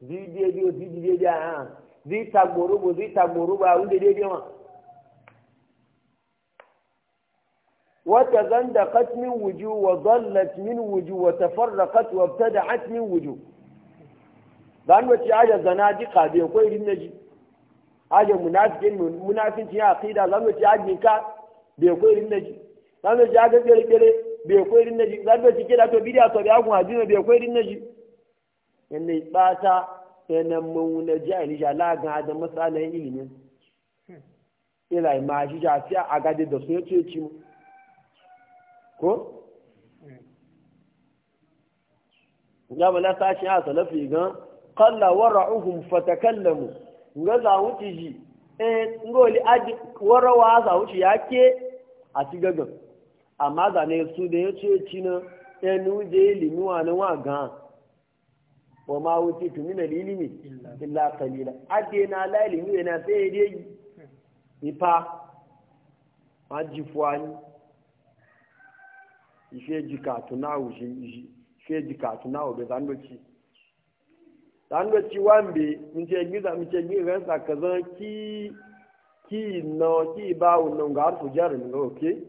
zai daidai wa zai daidai a zai tagboro ba zai tagboro ba wanda daidai ma wata zanda katmin wuju wa zallat min wuju wa tafarraqat wa ibtada'at min wuju dan wace aja zana ji kabe ko irin naji aja munafikin munafikin ya aqida zan wace aji ka be ko irin naji zan wace aja gere gere be ko irin naji zan wace kida to bidiya to a kun ajina be ko irin naji yana yi ɓata yana mawuna jahili ja lagan adam matsalan ilimin ila ma shi shafi a gadi da su ya ci ko ya bala sashi a salafi gan kalla wara'uhum fatakallamu nga za wuce ji eh ngoli aji warawa za wuce ke a ci gagan amma zane su da ya ce ci na enu je wa na wa gan wa ma wuce tu min ilimi illa qalila ade na la ilimi na sai dai ipa maji fuani ife jika tunawo shi ife jika tunawo be zandoci zandoci wambe mce giza mce giza sa kaza ki ki no ki bawo no ga no okay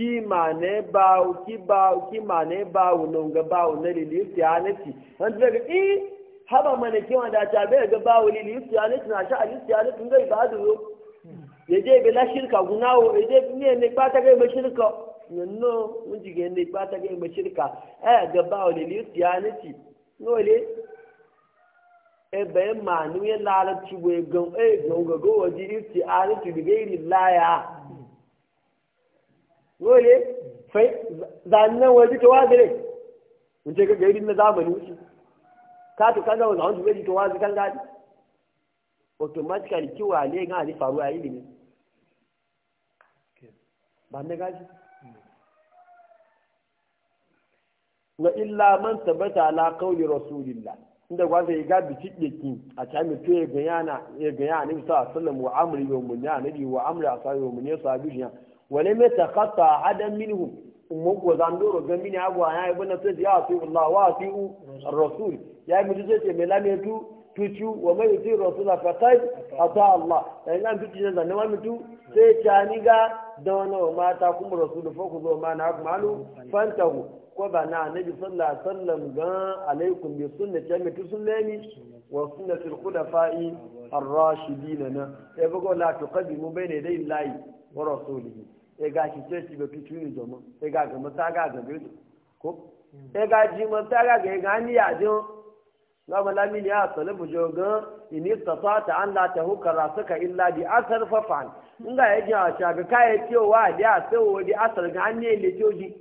ki ma ne bawo ki bawo ki ma bawo non ga bawo na lili i haba mana da ta bai ga bawo lili na sha ali tiyanati ngai ba da zo ya je be la shirka gunawo ya je ne ne ba ta ga shirka no mun ji ga ne ba ta shirka eh ga bawo lili no le e bai ma nu ya lalati go gan gan ga bi gairi dole fai zannan waje ta ne in ce ka irin na zamani wuce ka to kaga wanda wanda waje ta wazi kan gadi automatically kiwa ne ga ali faru a ilimi ba ne gaji wa illa man tabbata ala qawli rasulillah inda gwaza ya gabi cikiki a cikin to ya ga yana ya ga yana ne sallallahu alaihi wa sallam wa amri wa munna nabi wa amri asabi wa munna sabiya wale kata takasta a hadan minhu umarku zandoro ga mini agwa ya yi bane ya fi Allah wa fi rasul ya yi mutu sai mai lame tu tucu wa mai yuti rasul a fatai a ta Allah da yin tucu ne zanne ma mutu sai cani ga da wani mata kuma rasul fa ku zo ma na malu fantahu ko bana na sallallahu alaihi wasallam ga alaikum bi sunnati mai tu sunnani wa sunnati al-khulafa'i ar na sai bugo la tuqaddimu bayna yaday ya ga shi ce shi bai tuni zama ya ga gama ta ga ga bai ko ya hmm. ga ji ma ta ga ga ga ni ya jin ga malami ne a salabu joga in istata an la ta hukara suka illa bi asar fafan in ga ya ji a shaga kai cewa da sai wa bi asar ga an ne le joji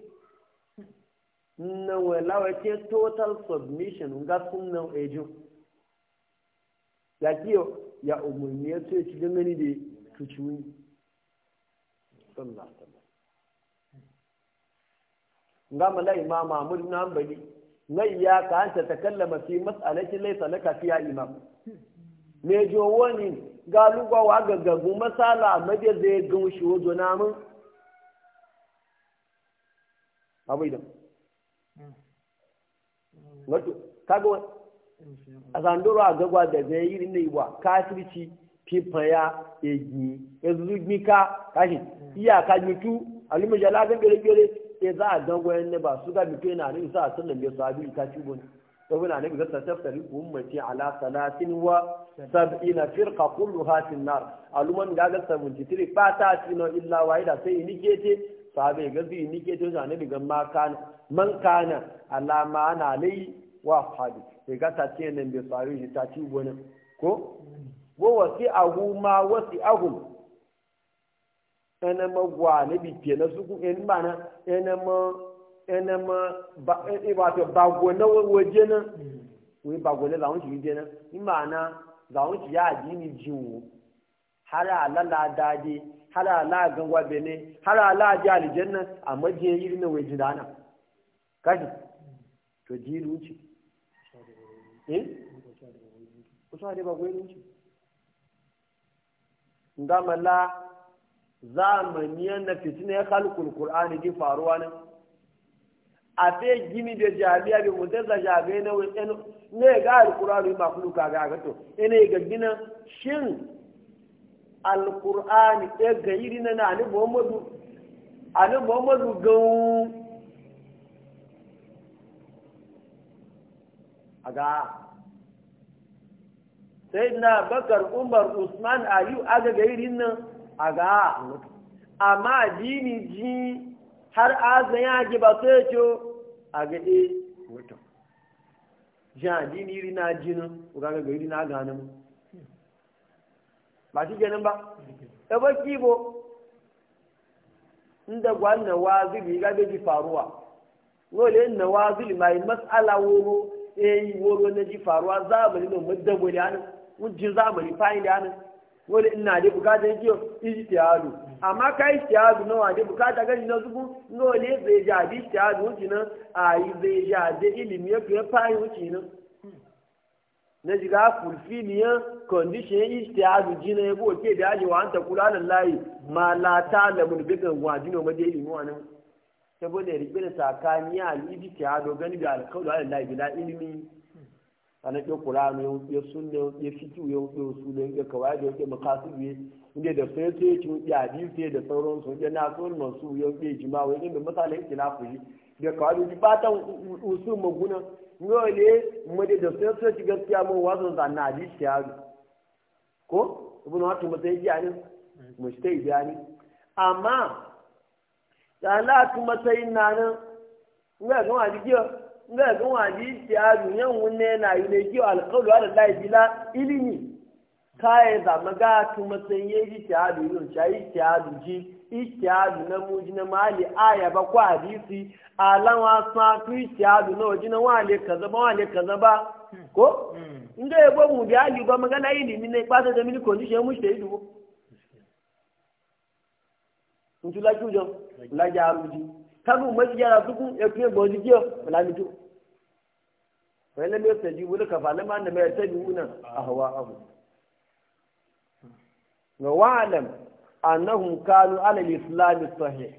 nan wai lawa ce total submission ga sun nan ejo ya kiyo ya umurni ce ci gangani da tuciwi sallallahu ta wasallam nga mala imama mun nan Hanbali lai ya ka anta takallama fi mas'alati laysa laka fiya imam me jo woni ga lugwa wa ga gagu masala maje zai gun shi wajo na mun abu idan wato kaga a zandoro a gagwa da zai yi ne wa kafirci fifan ya egi ya zuzugi ka kashi iyaka mitu alimaja lagan gere-gere ya za a dangon ne ba su ga mitu yana nan isa a sallan bai sabi ta ci bane saboda ne ga ta ummati wa sab'ina firqa wa fadi ko wa wasi ahu ma wasi ahum enema gwa ne bi ke na su en mana enema enema ba e ba to ba na waje na we ba go le la won ji de na ni mana za won ji ya ji ni ji wo hala la la daji hala la gangwa ala hala la ji aljanna amma je yiri na waje dana kashi mm. to ji ruci eh kusa da ba go ruci Gama la zamaniyan na fitina ya halkul qur'ani ji faruwa ne a fe gini da jami'a bi mutar da jami'a na wani ne ga alqur'ani ma kulu ka ga gato ene ga gina shin alqur'ani ya e ga yiri na ani muhammadu ani muhammadu A aga sai na bakar umar usman aliyu aga gairin nan a ga amma dini ji har azan ya ji ba sai ce a gaɗe mutum jan dini iri na jinin ga gairi na mu, ba shi ganin ba ɗaba e kibo inda gwanna wazili ga bai ji faruwa wale na wazili mai matsala woro e yi woro na ji faruwa za a bari mai madagwali hannun wujin zamani fayin da hannun wani ina dai bukata ya kiyo ijtihadu amma ka ijtihadu nawa dai bukata gani na zubu nawa ne zai ja da ijtihadu wuce nan a yi zai ja da ilimi ya fiye fayin wuce nan na shiga fulfiliyan kondishin ijtihadu jina ya buwa ke da ajewa wa hanta kula nan layi ma la ta lamun bigan wajen wa maje ilimi wa nan saboda ya rikbe da sakaniya al-ijtihadu gani da alkawdu ala layi bila ilimi ana ke kuranu ya sunne ya fitu ya wuce sunan ya kawai ya wuce makasidu ya inda da sai sai a ya hadisi da sauran su ya na sun masu ya wuce jima wai inda misali yake na fuji da kawai ba ta wusu maguna ne mu da sai sai ci gaskiya mu wazo da na shi ya ko ibn wata matsayi ya ne yi biya ne amma da na kuma sai na nan ga ga hadisi nga ga wani ya yan wunne na yi ne kiwa alƙawlu ala lai bila ilimi kaya za maga tu matsayin ya yi tiyadu yun cha yi du ji a du na muji na mali aya ba ko hadisi hmm. alawa sa tu a du na waje na wale kaza ba wale kaza ba ko inda ya bo mu da ali ba magana ilimi ne ba da mini condition mu shi dubo mutu la kujo la jaruji kabu maji yara tukun ya kuye boji kiyo la mitu fa lam yastajibu laka fa lam annama yattabi'una ahwa'ahum wa wa'lam annahum kanu ala al-islam sahih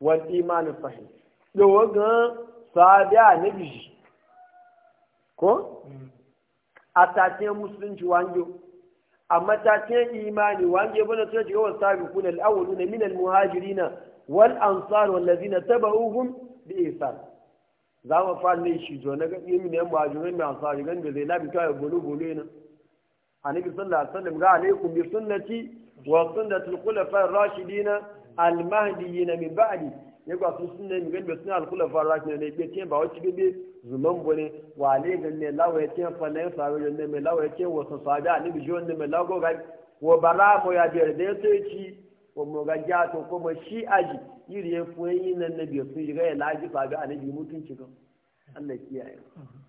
wal iman sahih do ga sabiya nabi ko atatin musulunci wanjo amma tatin imani wanjo bana sai ga wasabiqun al-awwaluna min al-muhajirina wal ansar wal ladina tabauhum bi ihsan za mu fara ne shi jo na ga mu ne ba junan mu ansari gan da zai labi ta bulu bulu ne annabi sallallahu alaihi wasallam ga alaikum bi sunnati wa sunnati al-khulafa ar-rashidin al-mahdiyyin min ba'di ya ga su sunne mu gan da sunna al-khulafa ar-rashidin ne ke ce ba wace bibi zuman bone wa le gan ne lawa ya ce fa ne ga ne me lawa ya ce wa ne bi jo ne me lawa ga wa bara mo ya bi da ya ce ci kuma ga ja to kuma shi aji yiri ya fuwa yi nan na biyu sun shiga ya laji ba ga anabi ci kan Allah kiyaye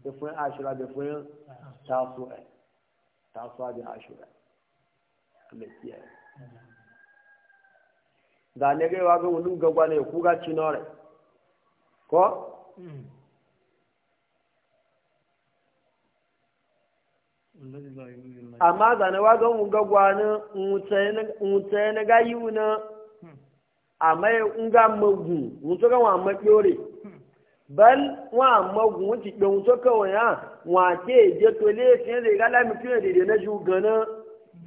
da fuwa ashura da fuwa taso ai taso da ashura Allah kiyaye da ne ga wa ga wani gagwa ne ku ga cinore ko hmm. amma zane wa gan ga gwani nta na gayi wuna a in nga magu wuto ga wa ma kyore bal wa magu wuti don wuto kawai ya wa ke je to le fin da ga la mutune da na gana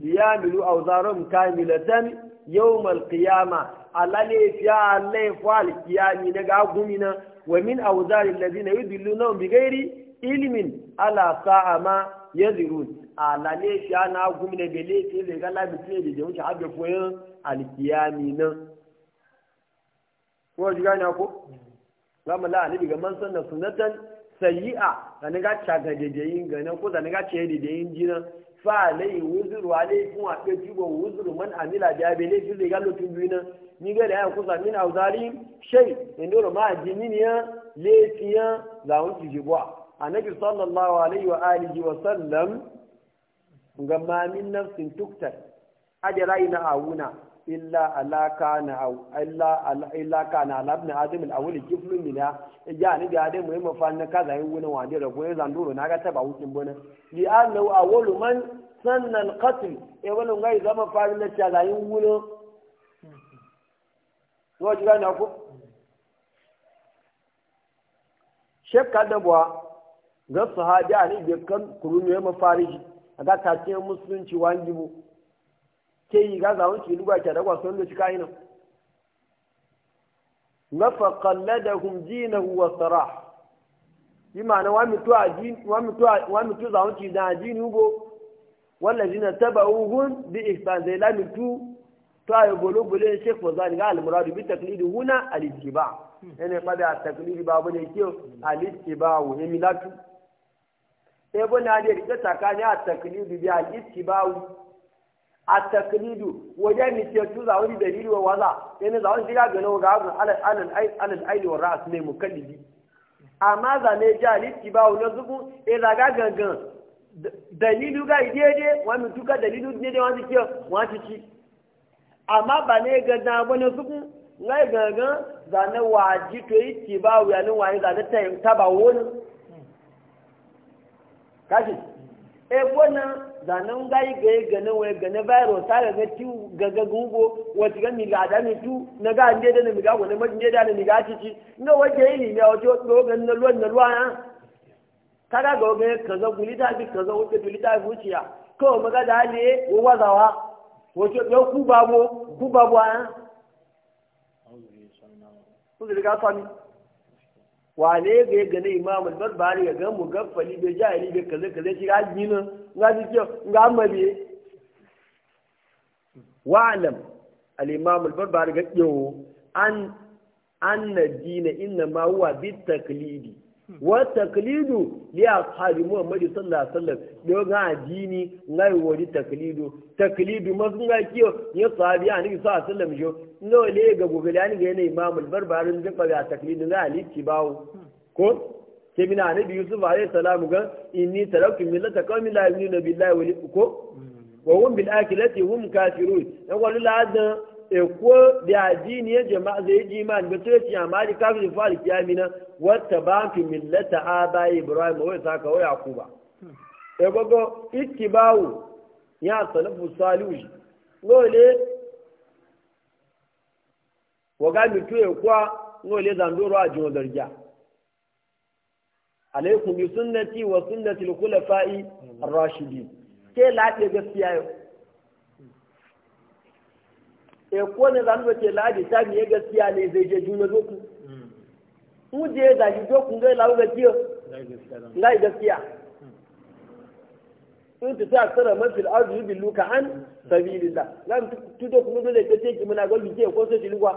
ya milu awzarum kamilatan yawmal qiyama alale fiya alai fal qiyami na ga gumina wa min awzaril alladhina yudilluna bi ghairi ilmin ala sa'ama yezirun a lale shi ana gumi da bele ce zai ga labi ce da jami'in shi abe koyon alkiyami nan ko ji gane ko zama la alibi ga man sanna sunatan sayi'a da ni ga caga dedeyin ganin ko da ni ga ce dedeyin jinan fa alai wuzuru alai kun a ɗauki ba wuzuru man amila da bele ce zai ga lutun biyu nan ni ga da ya kusa min auzari shai indoro ma jini ne ya lefiyan zawon kijibwa annabi sallallahu alaihi wa alihi wa sallam ga min nafsin tuktar ajira ina awuna illa alaka na aw illa illa kana labn adam alawli awwal mina ya ni ga dai muhimma fa na kaza yin wani wani da goyen zanduro na ga taba wukin bona li annahu awwalu man sanna alqatl e wannan gai zama fa na kaza yin wuna ko jira na ku shek da buwa ga sahabi a ne kan kurumi ya mafari shi a ga tafiyan musulunci wa bu ke yi ga zaun ke lugba ke dagwa sun da cika ina na faƙalla da kumji na huwa tsara yi ma na wa mitu zaun ke da ajini hugo wannan jina taba uhun bi ihsan zai lamitu ta yi bolo-bolo ya shekwa zani ga almuradu bi taklidi huna alikiba yana hmm. kada taklidi babu ne kyau alikiba wa emilatu sai bana da rike tsakanin a taklidu da al-ittibawu a taklidu wajen ni ce tu za wani dalili wa waza yana za wani shiga gano ga abu alal aili wa ra'as ne mukallidi amma za ne ji al-ittibawu na zugu e zaga gangan dalilu ga idede wani tuka dalilu ne da wani ke wani ci amma ba ne ga na wani zugu ngai gangan za ne ji to ittibawu ya ne wani za ne tabawo ne kashi e bona zanen gai ga ga na wai gane na virus ta ga ti ga ga gugo wati ga mi ga da ni tu na ga ande da mi ga gona ma inde da ni ga ci ci no waje yi ne wato do ga na luwan na luwa kada ga ga kaza gulita bi kaza wuce gulita bi wuciya ko maga da hali wo wazawa wato do ku babo ku babo ya ku ga sami. wane ga ya gane imam ba barbari ga gan mugaffali bai jahili bai kaza kaza shi ga nan ga ji ke ga mabe wa alam al-imam al ga yawo an anna dina inna ma huwa bit taklidi Wani taklidu ya haduma maji sallan-sallan, don hajini ngai wani taklidu? Taklidu ma suna ke yin tsadar yanayi su a sallam shau? In zai yi wa laifin gogagali yanayi ne ma mu bar-barin daɗi a taklidu? Zan yi a liqci ko? Ke menene anai biyu su ba zai ga? Ina ne, ta dauka ne, na sauka ne na yi min nuna biyu na ya kuma mu kafi ko da addini ya jama'a zai ji imani ba sai ci amma da kafin fara kiyami na wata ba fi millata aba ibrahim wa ta ka ya ku ba e gogo ittibawu ya salafu salihu lole waga mi tuye kwa lole zandoro a jiwo darja alaikum bi sunnati wa sunnati al-khulafa'i ar-rashidin ke la gaskiya yau e ko ne zanu ba ce ladi ta ne gaskiya ne zai je juna doku hmm. mu je da shi doku ga lawo ga kiyo lai gaskiya hmm. in ta ta tsara man fil ardi yubillu ka an hmm. sabilillah lam tu doku mun da ce ki muna gobi ke ko sai dilwa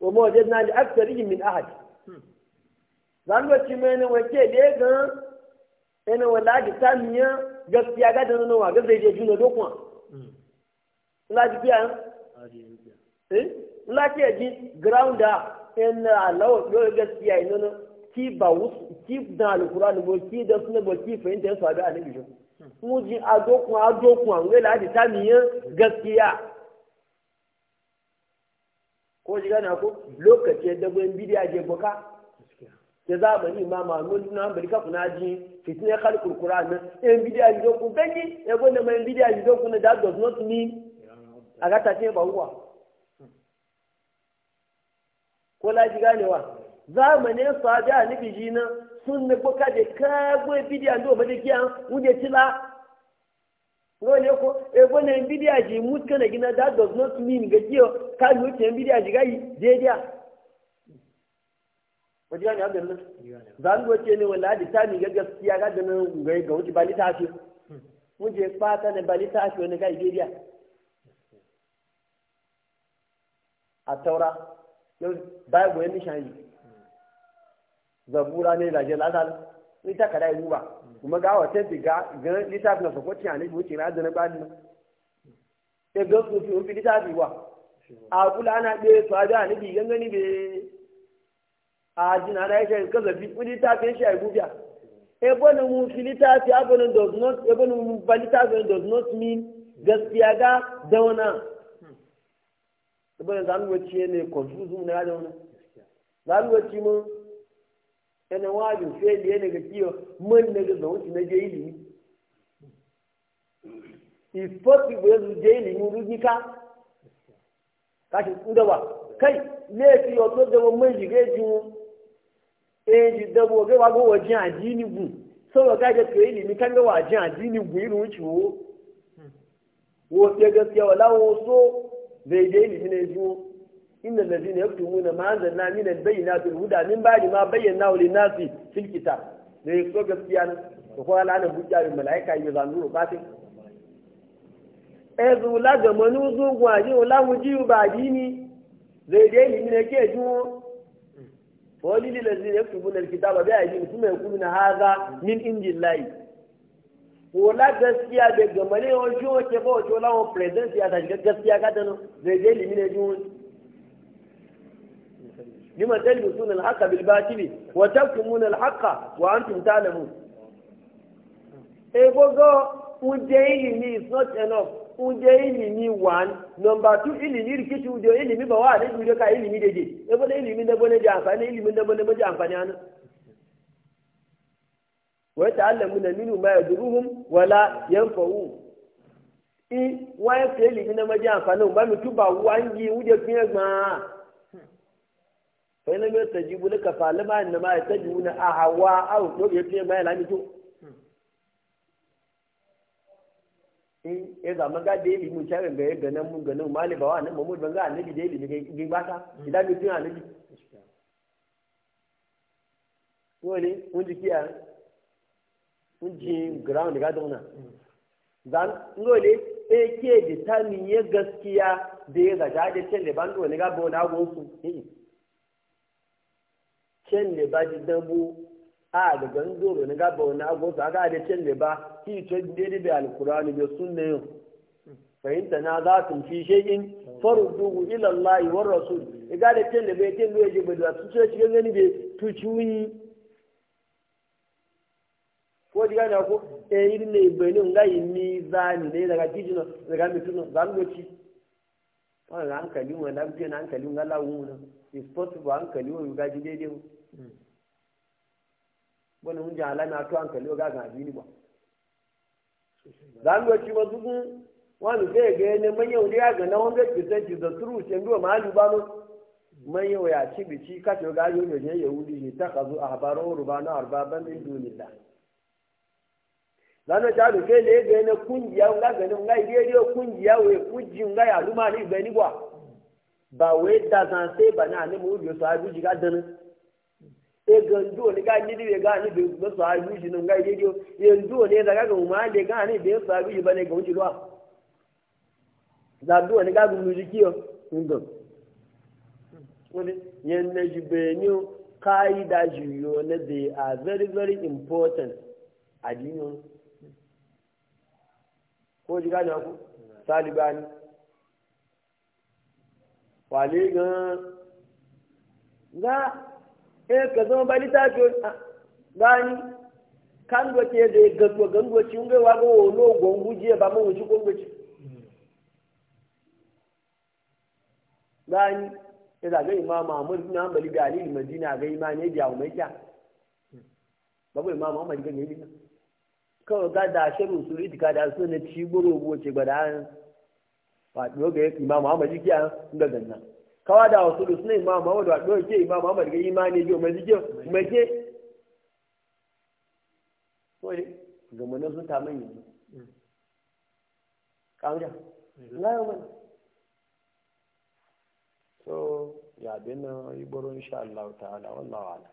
wa mu je na li aktharihim min ahad zanu ba ci mai ne wace le ga ene wala di ta miya gaskiya ga da nuna wa ga zai je juna doku la ji kiyan eh lafiya ji grounda in e lawa e yau e gaskiya yi nuna ki ba wusu ki da alkurani bo ki da suna bo ki fahimta yin sabi a nabi mu ji a dokun a dokun an wela da ta miyan gaskiya ko ji gane ko lokaci ya dabo yin bidiya je boka ya zamani ma ma mun na bari ka kuna ji fitina khalqul qur'an in bidiya ji dokun gani ya gonda mai bidiya ji dokun that does not mean agata ce ba uwa ko laji ganewa zamanin sabi a nufi ji na sun na boka da kagwe bidiyan da obada kiya wunde tila ngone ko e eh, gone bidiya ji muska na gina that does not mean ga kiyo ka bidiya ji gai jediya wajen gane abin nan zan ne wala ta mi ga gaskiya ga da nan ga wuce ba litafi mun hmm. fata ne ba litafi wani ga a taura yau bai goye nishani zabura ne da jela azal ni ta kada yuba kuma ga wata diga ga litafin na so a ani buci na na ba din ya ga su fi umfi ta wa a kula ana ɗaya to a da bi gangani be a ji na sai ka zabi ni ta kai shi a gubiya ebonin mu filita fi abonin does not ebonin mu balita abonin does not mean gaskiya ga dauna saboda zanuwaci ne confusu na yada wani zanuwaci mu yana wajin sai da yana ga kiyo mun na ga zaunci na jaili if possible yanzu jaili mun rujika kashi inda ba kai laifi yato da mun mai shiga jin eh ji dabo ga wa go wajin ajini gu saboda ga ga kai ilimi kan ga wajin ajini gu irin wuce wo hmm. wo sai gaskiya wala wo so zai je ilimi ne jiwo inna allazina yaktumuna ma anzalna min al-bayyinati wal huda min ba'di ma bayyana lin nasi fil kitab da ya so gaskiya ne to ko ala na bujja bi malaika yi zanu rubati ezu la ga manu zu gwaji wala ji ba dini zai je ilimi ne ke jiwo wali lil ladzina yaktumuna al-kitaba bi ya thumma yaquluna hadha min indillahi wala gaskiya da gamane yawanci ke ba wace wala wa presence ya tashi gaskiya ka tano zai je limine ji wani lima talbisuna al-haqqa bil batili wa taktumuna alhaqa wa antum ta'lamun e gogo uje ilimi is not enough uje ilimi one number two ilimi rikici uje ilimi ba wa ne uje ka ilimi da je e bane ilimi da bane ji amfani ilimi da bane ba ji amfani ana wa ya ta'allamu na minu ma ya duruhum wala yanfa'u in wa ya fi ilimi na maji amfani ba mi tuba wangi wuje fi ya gba fa ina mai tajibu kafa lama na ma ya tajibu na a hawa a hudu ya fi ya gba ya lami to in ya zama ga da ilimi sharin ga ya ganan mun ganan malibawa nan mamu ban ga mun a ji ground ga dona zan ngole e ke di gaskiya da ya gaja da cin da bando ne ga bo go su cin da ba ji dabu a da gandoro ne ga na go su aga da cin da ba ki to de alqur'ani sunna na za fi ila Allah wa rasul ga da cin da bai da ya ji ba su ce gani bai tuci ko na ko e iri ne ibrahim ga yi mizani ne daga kijin daga mitun zan goci wannan da hankali da na is possible hankali mu ga ji daidai mu wannan mun na to hankali ga ga bi ni ba zan goci ma zugun wani sai ne manyan wuri ga na wanda kisanci ya ci bici kace ga yau ne lana ta rufe ne ga yana kungiya nga ganin nga rediyo kungiya we kuji nga ya luma ni gani kwa ba we da san se ba na ni mu yo sa ruji ga dan e gando ne ga ni diwe ga ni be ba sa ruji no nga rediyo yanzu ne da ga mu ma de ga ni be sa ruji ba ne ga wuci lwa da do ne ga mu jikiyo ngo wani yanne jibe ni kaida jiyo ne they are very very important adinon ko ji gane ku talibani wale gan ga eh ka zama ba litafi ah, gani kan gote da gato gangoci unga wa ga wolo gonguje ba mun wuci gongoci gani e ya zaga imam Muhammad bin Hanbali ga ni, Madina ga imani ya mai kya babu imam Muhammad ga ne kawai ga da shirin su itika da su ne ci goro goce ba da an faɗo ga imamu Ahmad jikiya an ga ganna kawa da wasu da suna imamu Ahmad waɗo ke imamu Ahmad daga imani biyu mai jiki mai ke wani ga mun sun ta mai yanzu kawuja na yau mana so ya bin na yi buru insha Allah ta'ala wallahu a'lam